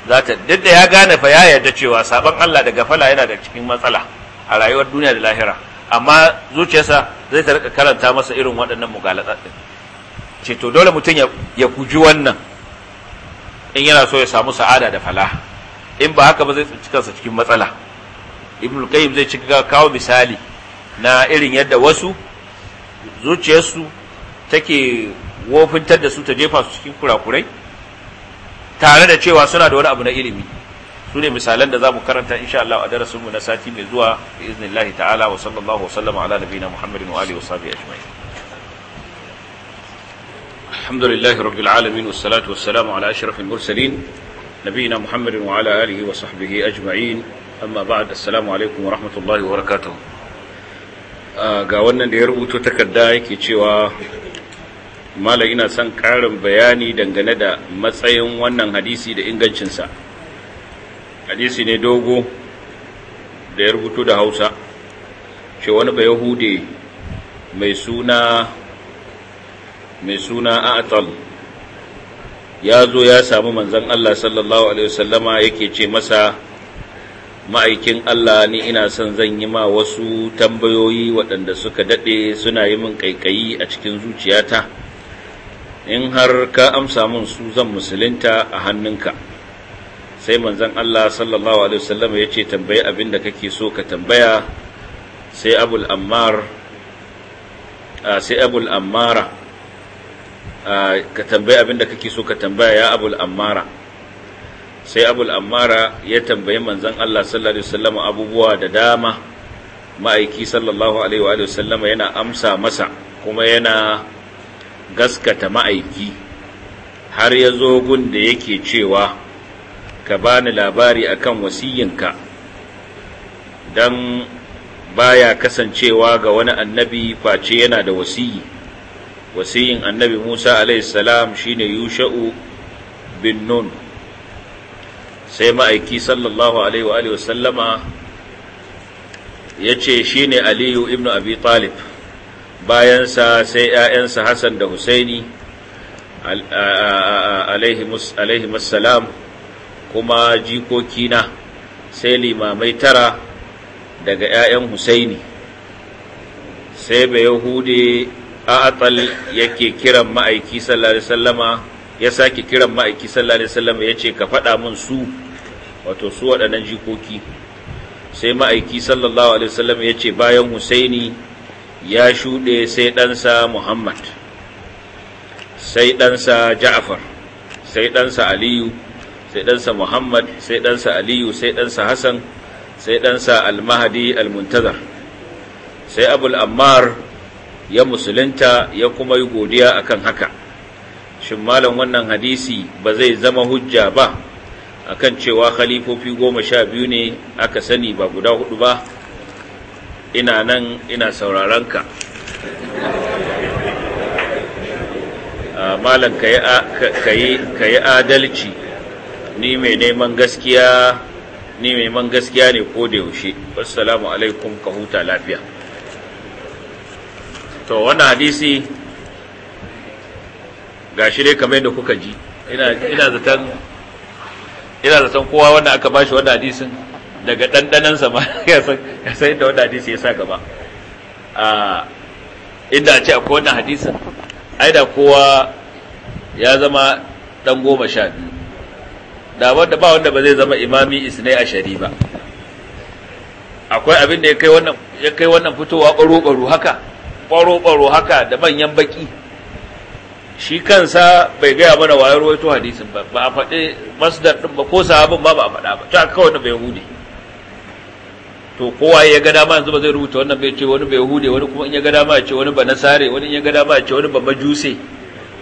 za ta duk da ya gane fa ya yarda cewa saban Allah da gafala yana da cikin matsala a rayuwar duniya da lahira amma zuciyarsa zai ta rika karanta masa irin waɗannan mugalata ɗin ce to dole mutum ya guji wannan in yana so ya samu sa'ada da Fala. in ba haka ba zai tsinci kansa cikin matsala ibn qayyim zai ci kawo misali na irin yadda wasu zuciyarsu take wofintar da su ta jefa su cikin kurakurai tare da cewa suna da wani abu na ilimi su ne misalan da za mu karanta insha Allah a darasinmu na sati mai zuwa bi iznillahi ta'ala wa sallallahu wasallama ala nabiyina Muhammadin wa alihi wa sahbihi ajma'in alhamdulillahi rabbil alamin wassalatu wassalamu ala ashrafil mursalin nabiyina Muhammadin wa ala alihi wa sahbihi ajma'in amma ba'd assalamu alaikum wa rahmatullahi wa barakatuh ga wannan da ya rubuto takarda yake cewa mala ina son karin bayani dangane da matsayin wannan hadisi da ingancinsa hadisi ne dogo da ya rubuto da hausa ce wani ba yahude mai suna mai suna atal ya zo ya samu manzan Allah sallallahu alaihi wasallama yake ce masa ma'aikin Allah ni ina son zan yi ma wasu tambayoyi waɗanda suka daɗe suna yi min ƙaiƙayi a cikin zuciyata in har ka amsa min su zan musulunta a hannunka sai manzan Allah sallallahu alaihi wasallam ya ce tambayi abin da kake so ka tambaya sai abul ammar sai abul ammara ka tambayi abin da kake so ka tambaya ya abul ammara sai abul ammara ya tambayi manzan Allah sallallahu alaihi wasallam abubuwa da dama ma'aiki sallallahu alaihi wa sallama yana amsa masa kuma yana gaskata ma'aiki har ya zo gun da yake cewa ka bani labari akan wasiyinka dan baya kasancewa ga wani annabi face yana da wasiyi wasiyin annabi Musa alaihi salam shine yusha'u bin nun sai ma'aiki sallallahu alaihi wa alihi wasallama yace shine Aliyu ibnu Abi Talib bayansa sai ƴaƴansa Hassan da Husaini alaihi alaihi kuma jikokina sai limamai tara daga 'ya'yan husaini sai bai hude a atal yake kiran ma'aiki sallallahu alaihi wasallama ya sake kiran ma'aiki sallallahu alaihi wasallama ya ce ka faɗa min su wato su waɗannan jikoki sai ma'aiki sallallahu alaihi wasallam ya ce bayan husaini ya shuɗe sai ɗansa muhammad sai ɗansa ja'afar sai ɗansa aliyu sai ɗansa muhammad sai ɗansa aliyu sai ɗansa hassan sai ɗansa almahadi muntaza sai abul ammar ya musulunta ya kuma yi godiya akan haka shin malam wannan hadisi ba zai zama hujja ba akan cewa khalifofi goma sha biyu ne aka sani ba guda hudu ba ina nan ina sauraron ka ah, malam ka yi adalci ni mai neman gaskiya ni mai man gaskiya ne ko da yaushe assalamu alaikum ka huta lafiya to wannan hadisi gashi dai kamar yadda kuka ji ina ina zaton ina zaton kowa wanda aka bashi wannan hadisin daga dandanan sa ma ya san ya san inda wannan hadisi ya sa gaba a inda a ce akwai wannan hadisin ai kowa ya zama dan goma sha biyu da wanda ba wanda ba zai zama imami isnai ashari ba akwai abin da ya kai wannan ya kai wannan fitowa ƙwaro-ƙwaro haka ƙwaro-ƙwaro haka da manyan baki shi kansa bai gaya mana wayar waito hadisin ba ba a faɗi masdar ɗin ba ko sahabin ba ba a faɗa ba ta kawai wanda bai hude to kowa ya ga dama yanzu ba zai rubuta wannan bai ce wani bai hude wani kuma in ya ga dama ya ce wani ba nasare wani in ya ga dama ya ce wani ba majuse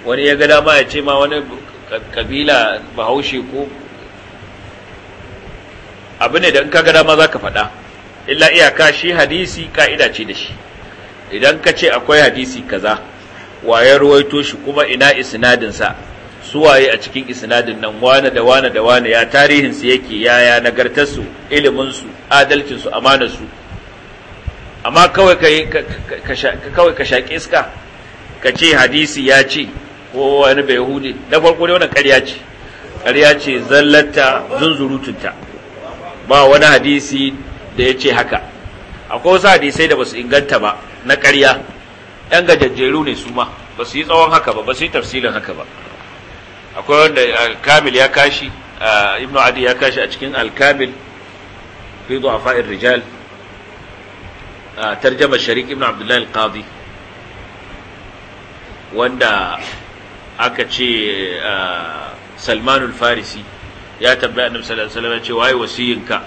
wani ya ga dama ya ce ma wani kabila bahaushe ko abu ne da in kaga dama za ka faɗa illa iyaka shi hadisi ka'ida ce da shi idan ka ce akwai hadisi kaza waye ruwaito shi kuma ina Su waye a cikin isnadin nan wane da wane da wane ya tarihinsu yake Ya yaya nagartarsu iliminsu adalcinsu amanarsu amma kawai ka shaƙi iska ka ce hadisi ya ce ko wani bai yahudi na farko dai wannan ƙarya ce ƙarya ce zallata zunzurutunta ba wani hadisi da ya ce haka akwai wasu hadisai da basu inganta ba na ƙarya yan gajajjeru ne su ma ba su yi tsawon haka ba ba su yi tafsirin haka ba akwai wanda kamil ya kashi ibnu adi ya kashi a cikin alkamil fi du'afa'ir rijal tarjama sharik ibnu abdullahi al-qadi wanda aka ce ah, salmanul farisi ya tambaya annabi sallallahu alaihi wasallam ya ce waye wasiyinka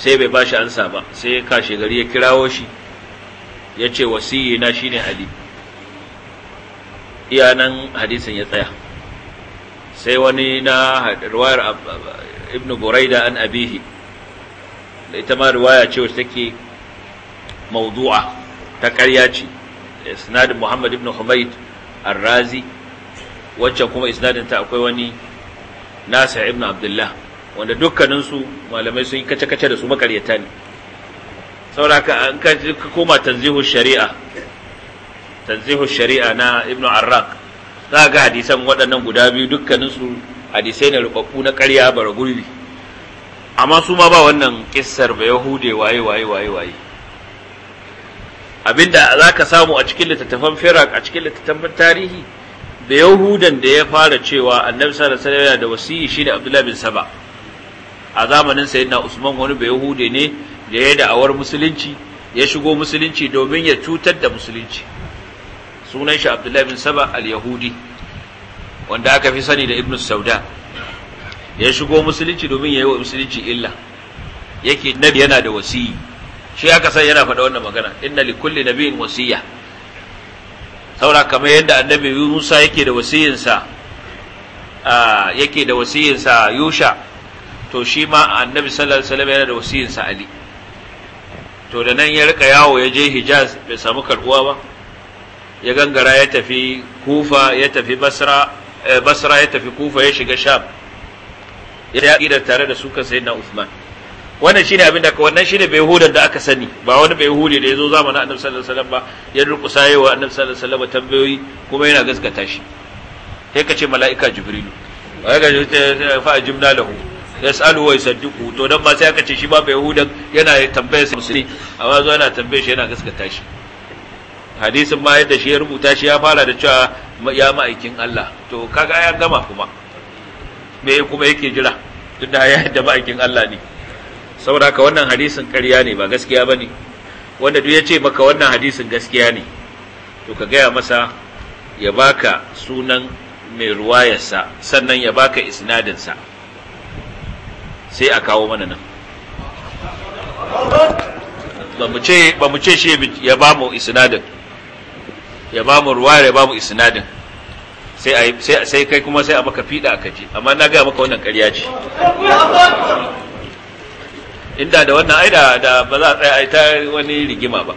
sai bai bashi ansa ba sai kashe gari ya kirawo shi ya ce wasiyina shine ali iya nan hadisin ya tsaya sai wani na riwayar ibn buraida an abihi da ita ma riwaya ce wacce take mawdu'a ta ƙarya ce isnadin Muhammad ibn Humayd Ar-Razi wacce kuma isnadin ta akwai wani nasa ibn Abdullah wanda dukkanin malamai sun yi kace-kace da su makaryata ne sauraka an ka koma tanzihu shari'a tanzihu shari'a na ibnu arraq za ga hadisan waɗannan guda biyu dukkanin hadisai ne rubabbu na ƙarya bara gurbi amma su ma ba wannan kissar ba yahude waye waye waye waye abinda za ka samu a cikin littattafan firak a cikin littattafan tarihi da yahudan da ya fara cewa annabi sallallahu alaihi wasallam da wasiyi shine abdullahi bin saba a zamanin sayyidina usman wani bai yahude ne da ya da'awar musulunci ya shigo musulunci domin ya cutar da musulunci sunan shi abdullahi bin saba al-yahudi wanda aka fi sani da ibnu sauda ya shigo musulunci domin ya yi wa musulunci illa yake nabi yana da wasiyi shi aka san yana faɗa wannan magana inna li kulli nabiyyin wasiyya saura kamar yadda annabi Musa yake da wasiyinsa yake da wasiyinsa Yusha to shi ma annabi sallallahu alaihi wasallam yana da wasiyinsa Ali to da nan ya rika yawo ya je Hijaz bai samu karbuwa ba ya gangara ya tafi Kufa ya tafi Basra eh, Basra ya tafi Kufa ya shiga Sham ya yi da tare da su sukan sayyidina Uthman wannan shine abin da wannan shine bai hudan da aka sani ba wani bai hude da yazo zamanin annabi sallallahu alaihi wasallam ba ya durkusa yayi wa annabi sallallahu alaihi wasallam tambayoyi kuma yana gaskata shi sai kace mala'ika jibril ai ga fa jibna lahu yas'alu wa yusaddiqu to dan ba sai aka ce shi ba bai hudan yana tambayar sa musulmi amma zo yana tambaye shi yana gaskata shi hadisin ma yadda shi ya rubuta shi ya fara da cewa ya ma'aikin Allah to kaga ya gama kuma me kuma yake jira tunda ya yadda ma'aikin Allah ne saboda ka wannan hadisin ƙarya ne ba gaskiya ba ne, wanda duk ya ce maka wannan hadisin gaskiya ne to ka gaya masa ya baka sunan mai ruwayarsa sannan ya baka isnadinsa sai a kawo mana nan ba mu ce shi ya ba mu isnadin ya ba mu ruwayar ya ba mu isnadin sai kai kuma sai a maka fiɗa a kaji amma na gaya maka wannan ƙarya ce inda da wannan ai da ba za a tsaya ai ta wani rigima ba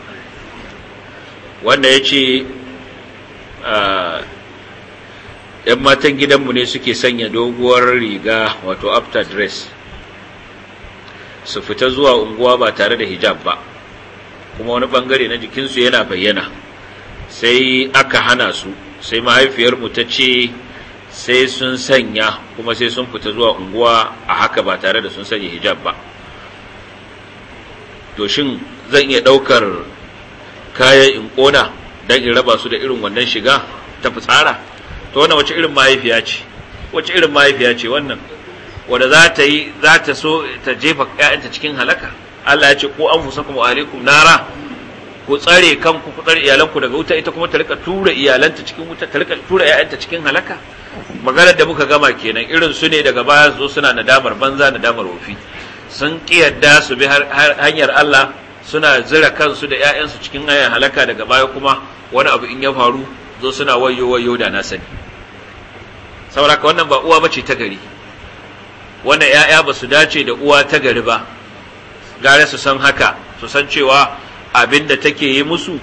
wanda ya ce ‘yan matan gidanmu ne suke sanya doguwar riga wato after dress su fita zuwa unguwa ba tare da hijab ba kuma wani bangare na jikinsu yana bayyana sai aka hana su sai mahaifiyarmu ta ce sai sun sanya kuma sai sun fita zuwa unguwa a haka ba tare da sun sanya hijab ba to shin zan iya ɗaukar kayan in ƙona don in raba su da irin wannan shiga ta fitsara to wannan wace irin mahaifiya ce wace irin mahaifiya ce wannan wadda za ta yi za ta so ta jefa ƴaƴanta cikin halaka Allah ya ce ko an fusa kuma alaikum nara ku tsare kanku ku tsare iyalanku daga wuta ita kuma ta rika tura iyalanta cikin wuta ta rika tura ƴaƴanta cikin halaka maganar da muka gama kenan irin su ne daga baya su zo suna nadamar banza nadamar wofi sun yarda su bi hanyar Allah suna zira kansu da 'ya'yansu cikin ayan halaka daga baya kuma wani abu in ya faru zo suna wayo wayo da na sani saboda wannan ba uwa bace ta gari wannan 'ya'ya ba su dace da uwa ta gari ba gare su san haka su san cewa abin da take yi musu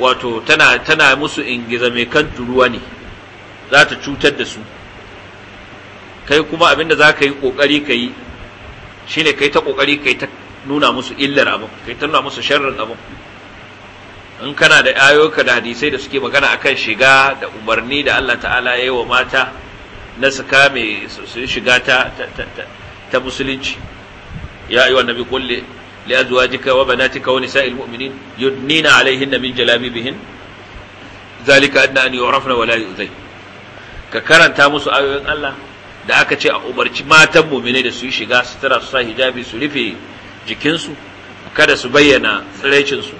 wato tana tana musu ingiza mai kan turuwa ne za ta cutar da su kai kuma abin da za ka yi ƙoƙari ka yi shine kai ta kokari kai ta nuna musu illar abin kai ta nuna musu sharrin abu in kana da ayoyinka da hadisai da suke magana akan shiga da umarni da Allah ta'ala ya yi wa mata na su kame su shiga ta ta musulunci ya ayyuha annabi qul li azwajika wa banatika wa nisa'il mu'minin yudnina alaihinna min jalabibihin zalika adna an yu'rafna wa la yu'zay ka karanta musu ayoyin Allah da aka ce a umarci matan mu'minai da su yi shiga sutura su sa hijabi su rufe jikinsu kada su bayyana tsiraicinsu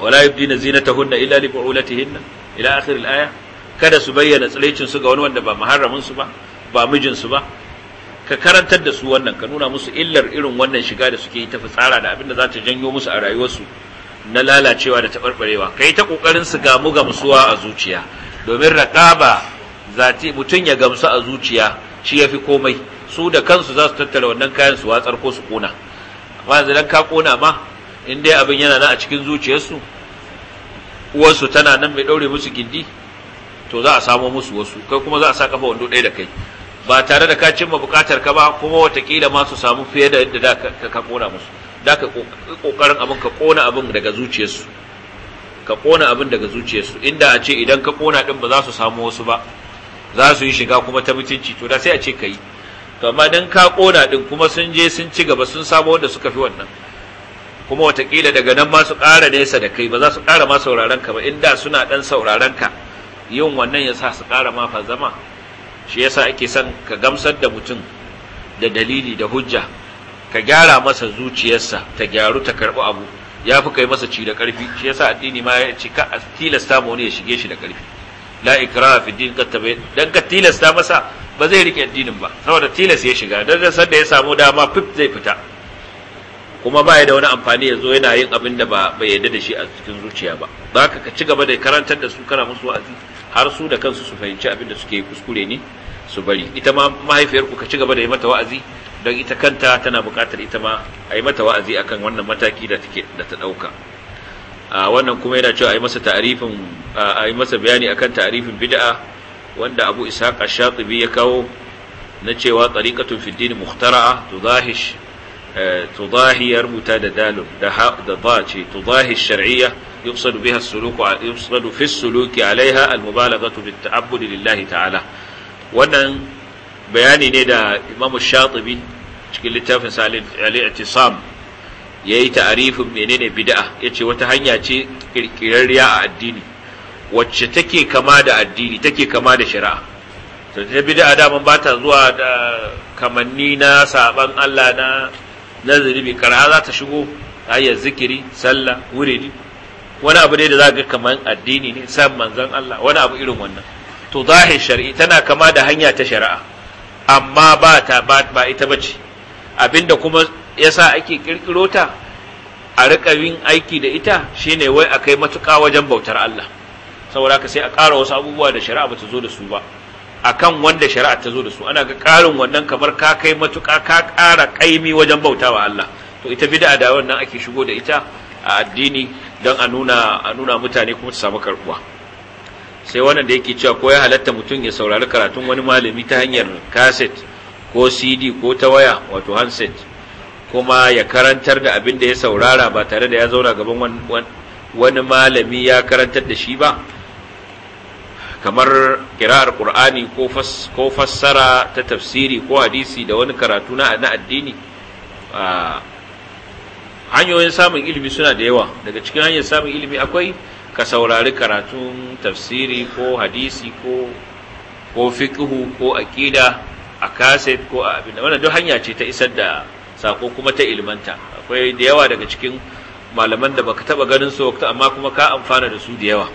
wala ta zinatahunna illa li bu'ulatihinna ila akhir al-aya kada su bayyana tsiraicinsu ga wani wanda ba muharramin su ba ba mijinsu ba ka karantar da su wannan ka nuna musu illar irin wannan shiga da suke yi ta fitsara da abin da za ta janyo musu a rayuwarsu na lalacewa da taɓarɓarewa ka yi ta ƙoƙarin su gamu gamsuwa a zuciya domin raƙaba zati mutum ya gamsu a zuciya shi ya fi komai su da kansu za su tattara wannan kayan su watsar ko su kona amma yanzu dan ka kona ma in dai abin yana nan a cikin zuciyarsu uwarsu tana nan mai ɗaure musu gindi to za a samo musu wasu kai kuma za a sa kafa wando ɗaya da kai ba tare da ka cimma buƙatar ka ba kuma watakila ma su samu fiye da yadda da ka kona musu da ka ƙoƙarin abin ka kona abin daga zuciyarsu ka kona abin daga zuciyarsu inda a ce idan ka kona ɗin ba za su samu wasu ba za su yi shiga kuma ta mutunci to da sai a ce ka yi to amma dan ka kona din kuma sun je sun ci gaba sun samu wanda suka fi wannan kuma watakila daga nan ma su ƙara nesa da kai ba za su ƙara ma sauraron ka ba in da suna ɗan sauraron ka yin wannan ya sa su ƙara ma fa zama shi yasa ake son ka gamsar da mutum da dalili da hujja ka gyara masa zuciyarsa ta gyaru ta karɓi abu ya fi kai masa ci da ƙarfi shi yasa addini ma ya ce ka tilasta mu wani ya shige shi da ƙarfi la ikraha fi din kattabe dan ka tilasta masa ba zai rike addinin ba saboda tilas ya shiga dan da sanda ya samu dama fif zai fita kuma ba ya da wani amfani ya zo yana yin abin da ba bai yadda da shi a cikin zuciya ba za ka ci gaba da karantar da su kana musu wa'azi har su da kansu su fahimci abin da suke kuskure ne su bari ita ma mahaifiyarku ka ci gaba da yi mata wa'azi don ita kanta tana buƙatar ita ma a yi mata wa'azi akan wannan mataki da take da ta ɗauka wannan kuma yana cewa a yi masa ta'rifin a yi masa bayani akan ta'rifin bid'a wanda Abu Ishaq Ash-Shatibi ya kawo na cewa tariqatun fi din mukhtara'a tudahish eh, tudahi ya rubuta da dalil da da ba ce tudahi shar'iyya yufsadu biha as-suluku fi as-suluki 'alayha al-mubalaghatu bit ta'abbud lillahi ta'ala wannan bayani ne da Imam Ash-Shatibi cikin littafin sa al-i'tisam yayi ta'arifin menene bid'a ce wata hanya ce kirkirarriya a addini wacce take kama da addini take kama da shari'a to ta bid'a da ba bata zuwa da kamanni na saban Allah na nazari kara za ta shigo yi zikiri sallah ne wani abu ne da za ga kaman addini ne san manzan Allah wani abu irin wannan to zahir shari'i tana kama da hanya ta shari'a amma ba ta ba ita bace abinda kuma yasa ake kirkiro ta a riƙa yin aiki da ita shine wai a kai matuƙa wajen bautar Allah saboda ka sai a ƙara wasu abubuwa da shari'a bata zo da su ba akan wanda shari'a ta zo da su ana ga ƙarin wannan kamar ka kai matuƙa ka ƙara ƙaimi wajen bautawa Allah to ita bid'a da wannan ake shigo da ita a addini don a nuna a nuna mutane kuma su samu karbuwa sai wannan da yake cewa ko ya halatta mutum ya saurari karatun wani malami ta hanyar kaset ko cd ko ta waya wato handset kuma ya karantar da abin da ya saurara ba tare da ya zauna gaban wani malami ya karantar da shi ba kamar kira'ar ƙurani ko fassara ta tafsiri ko hadisi da wani karatu na addini hanyoyin samun ilimi suna da yawa daga cikin hanyar samun ilimi akwai ka saurari karatun tafsiri ko hadisi ko ko ko aqida a kaset ko abin wannan duk hanya ce ta isar da sako kuma ta ilmanta akwai da yawa daga cikin malaman da baka taba ganin su amma kuma ka amfana da su da yawa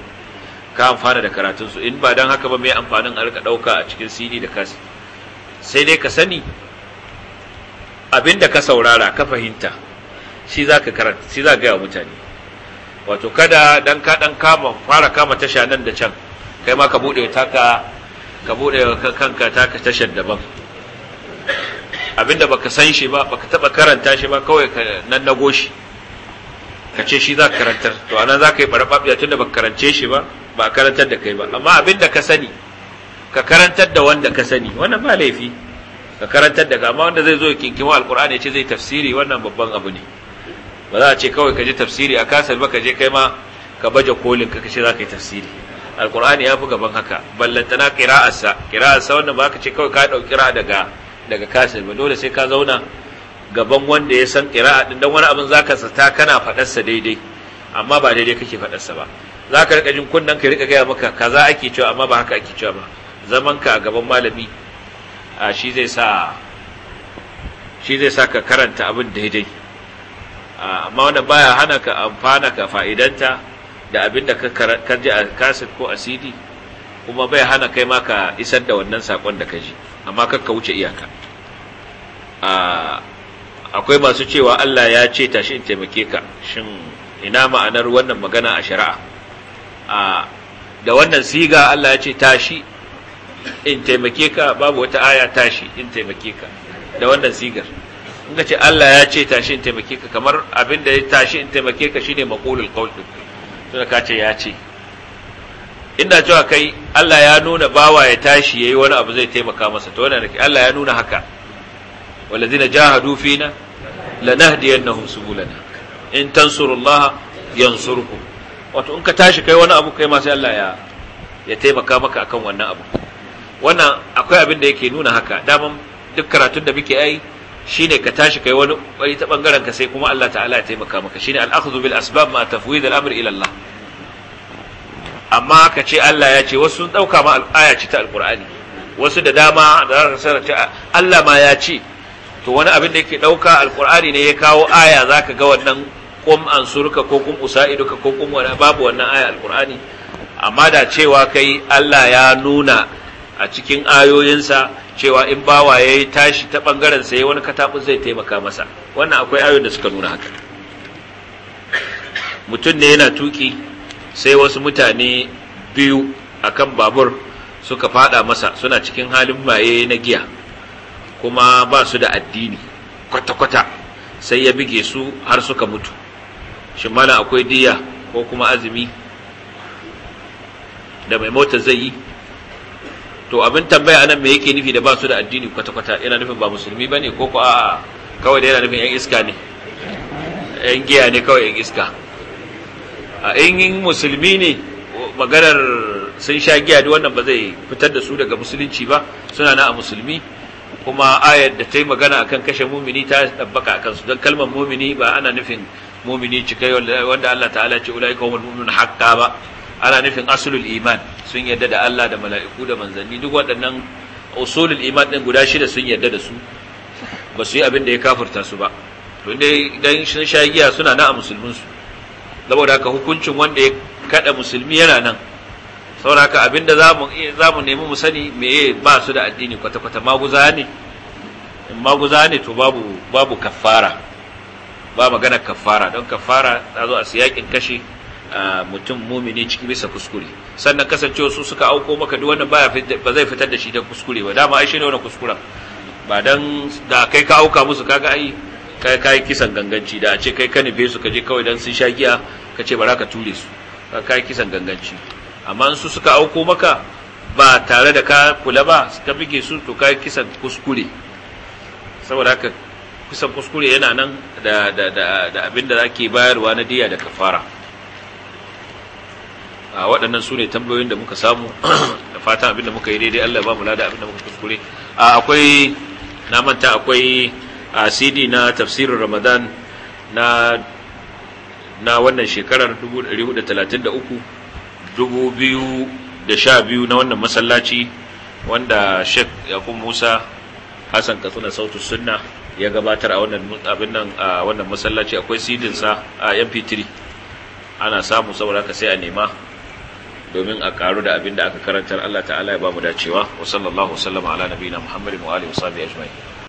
ka amfana da karatun su in ba dan haka ba mai amfanin a rika dauka a cikin CD da kasi sai dai ka sani abinda ka saurara ka fahimta shi za ka karanta shi za ka gaya mutane wato kada dan ka dan kama fara kama tasha nan da can kai ma ka bude taka ka bude kanka taka tashar daban abinda baka san shi ba baka taba karanta shi ba kawai ka nannago shi ka ce shi za ka karantar to anan za ka yi barbabiya tunda baka karance shi ba ba karantar da kai ba amma abinda ka sani ka karantar da wanda ka sani wannan ba laifi ka karantar da amma wanda zai zo ya kinkimo alqur'ani ce zai tafsiri wannan babban abu ne ba za a ce kawai ka je tafsiri a kasar ba ka je kai ma ka baje kolin ka ce za ka yi tafsiri alqur'ani ya fi gaban haka ballantana qira'arsa qira'arsa wannan ba ka ce kawai ka dauki daga daga kasir ba dole sai ka zauna gaban wanda ya san ƙira'a din dan wani abin zaka sata kana faɗarsa daidai amma ba daidai kake faɗarsa ba zaka rika jin kunnan ka rika gaya maka kaza ake cewa amma ba haka ake cewa ba zaman ka gaban malami a shi zai sa shi zai sa ka karanta abin daidai amma wanda baya hana ka amfana ka fa'idanta da abin da ka ji a kasir ko a cd kuma bai hana kai ma ka isar da wannan sakon da ka ji amma kakka wuce iyaka akwai masu cewa Allah ya ce tashi in taimake ka shin ina ma'anar wannan magana a shari'a da wannan siga Allah ya ce tashi in taimake ka babu wata aya tashi in taimake ka da wannan sigar in ka ce Allah ya ce tashi in taimake ka kamar abin da ya tashi in taimake ka shine maqulul qawl to ka ce ya ce inda cewa kai Allah ya nuna bawa ya tashi yayi wani abu zai taimaka masa to wannan Allah ya nuna haka walladina jahadu fina lanahdiyannahum subulana in tansurullaha yansurkum wato in ka tashi kai wani abu kai ma sai Allah ya ya taimaka maka akan wannan abu wannan akwai abin da yake nuna haka daman duk karatun da muke yi shine ka tashi kai wani ta bangaren ka sai kuma Allah ta'ala ya taimaka maka shine al-akhdhu bil asbab ma tafwid al-amr ila Allah amma ka ce Allah ya ce wasu sun ɗauka ma aya ce ta alkur'ani wasu da dama da za ka ce Allah ma ya ce to wani abin da yake ɗauka alkur'ani ne ya kawo aya za ka ga wannan kum an surka ko kum usa'iduka ko kum wani babu wannan aya Alƙur'ani? amma da cewa kai Allah ya nuna a cikin ayoyinsa cewa in bawa ya yi tashi ta ɓangaren sai wani kataɓu zai taimaka masa wannan akwai ayoyin da suka nuna haka mutum ne yana tuki sai wasu mutane biyu a kan babur suka fada masa suna cikin halin maye na giya kuma ba su da addini kwata-kwata sai ya bige su har suka mutu shin mana akwai diya ko kuma azumi da mai mota zai yi to abin tambaya anan me yake nufi da ba su da addini kwata-kwata yana nufin ba musulmi ba ko ko a'a kawai da yana nufin yan iska ne yan giya ne kawai yan iska a in musulmi ne maganar sun sha giya duk wannan ba zai fitar da su daga musulunci ba suna na a musulmi kuma ayar da ta yi magana kan kashe mumini ta tabbaka a kansu. don kalmar mumini ba ana nufin mumini cikai wanda Allah ta'ala ce ulai wani mu'minun haƙƙa ba ana nufin asulul iman sun yarda da Allah da mala'iku da manzanni duk waɗannan usulul iman ɗin guda shida sun yarda da su ba su yi abin da ya kafurta su ba to dai dan shan shagiya suna na a musulmin su saboda haka hukuncin wanda ya kada musulmi yana nan saboda haka abinda zamu zamu nemi mu sani meye ba su da addini kwata-kwata maguza ne in maguza ne to babu babu kafara ba magana kafara don kafara ta zo a siyakin kashe mutum mumini ciki bisa kuskure sannan kasancewa su suka auko maka duk wannan baya ba zai fitar da shi da kuskure ba dama ai shi ne wannan kuskuren ba dan da kai ka auka musu kaga ai kai kai kisan ganganci da a ce kai ka nufe su ka je kawai dan sun sha giya ka ce bara ka ture su ka kai kisan ganganci amma su suka auko maka ba tare da ka kula ba ka bige su to kai kisan kuskure saboda haka kisan kuskure yana nan da da da, da abin da ake bayarwa na diya da kafara a waɗannan su ne tambayoyin da muka samu da fatan abin da muka yi daidai Allah ba mu lada abin da muka kuskure akwai na manta akwai a cd na tafsirin ramadan na na wannan shekarar 433 2012 na wannan masallaci wanda Sheikh Yakub Musa Hassan Katsina Sautu Sunna ya gabatar a wannan abin nan a wannan masallaci akwai cd sa a MP3 ana samu saboda ka sai a nema domin a karu da abin da aka karantar Allah ta'ala ya ba mu dacewa wa sallallahu wasallama ala nabiyina Muhammadin wa alihi wa sahbihi ajma'in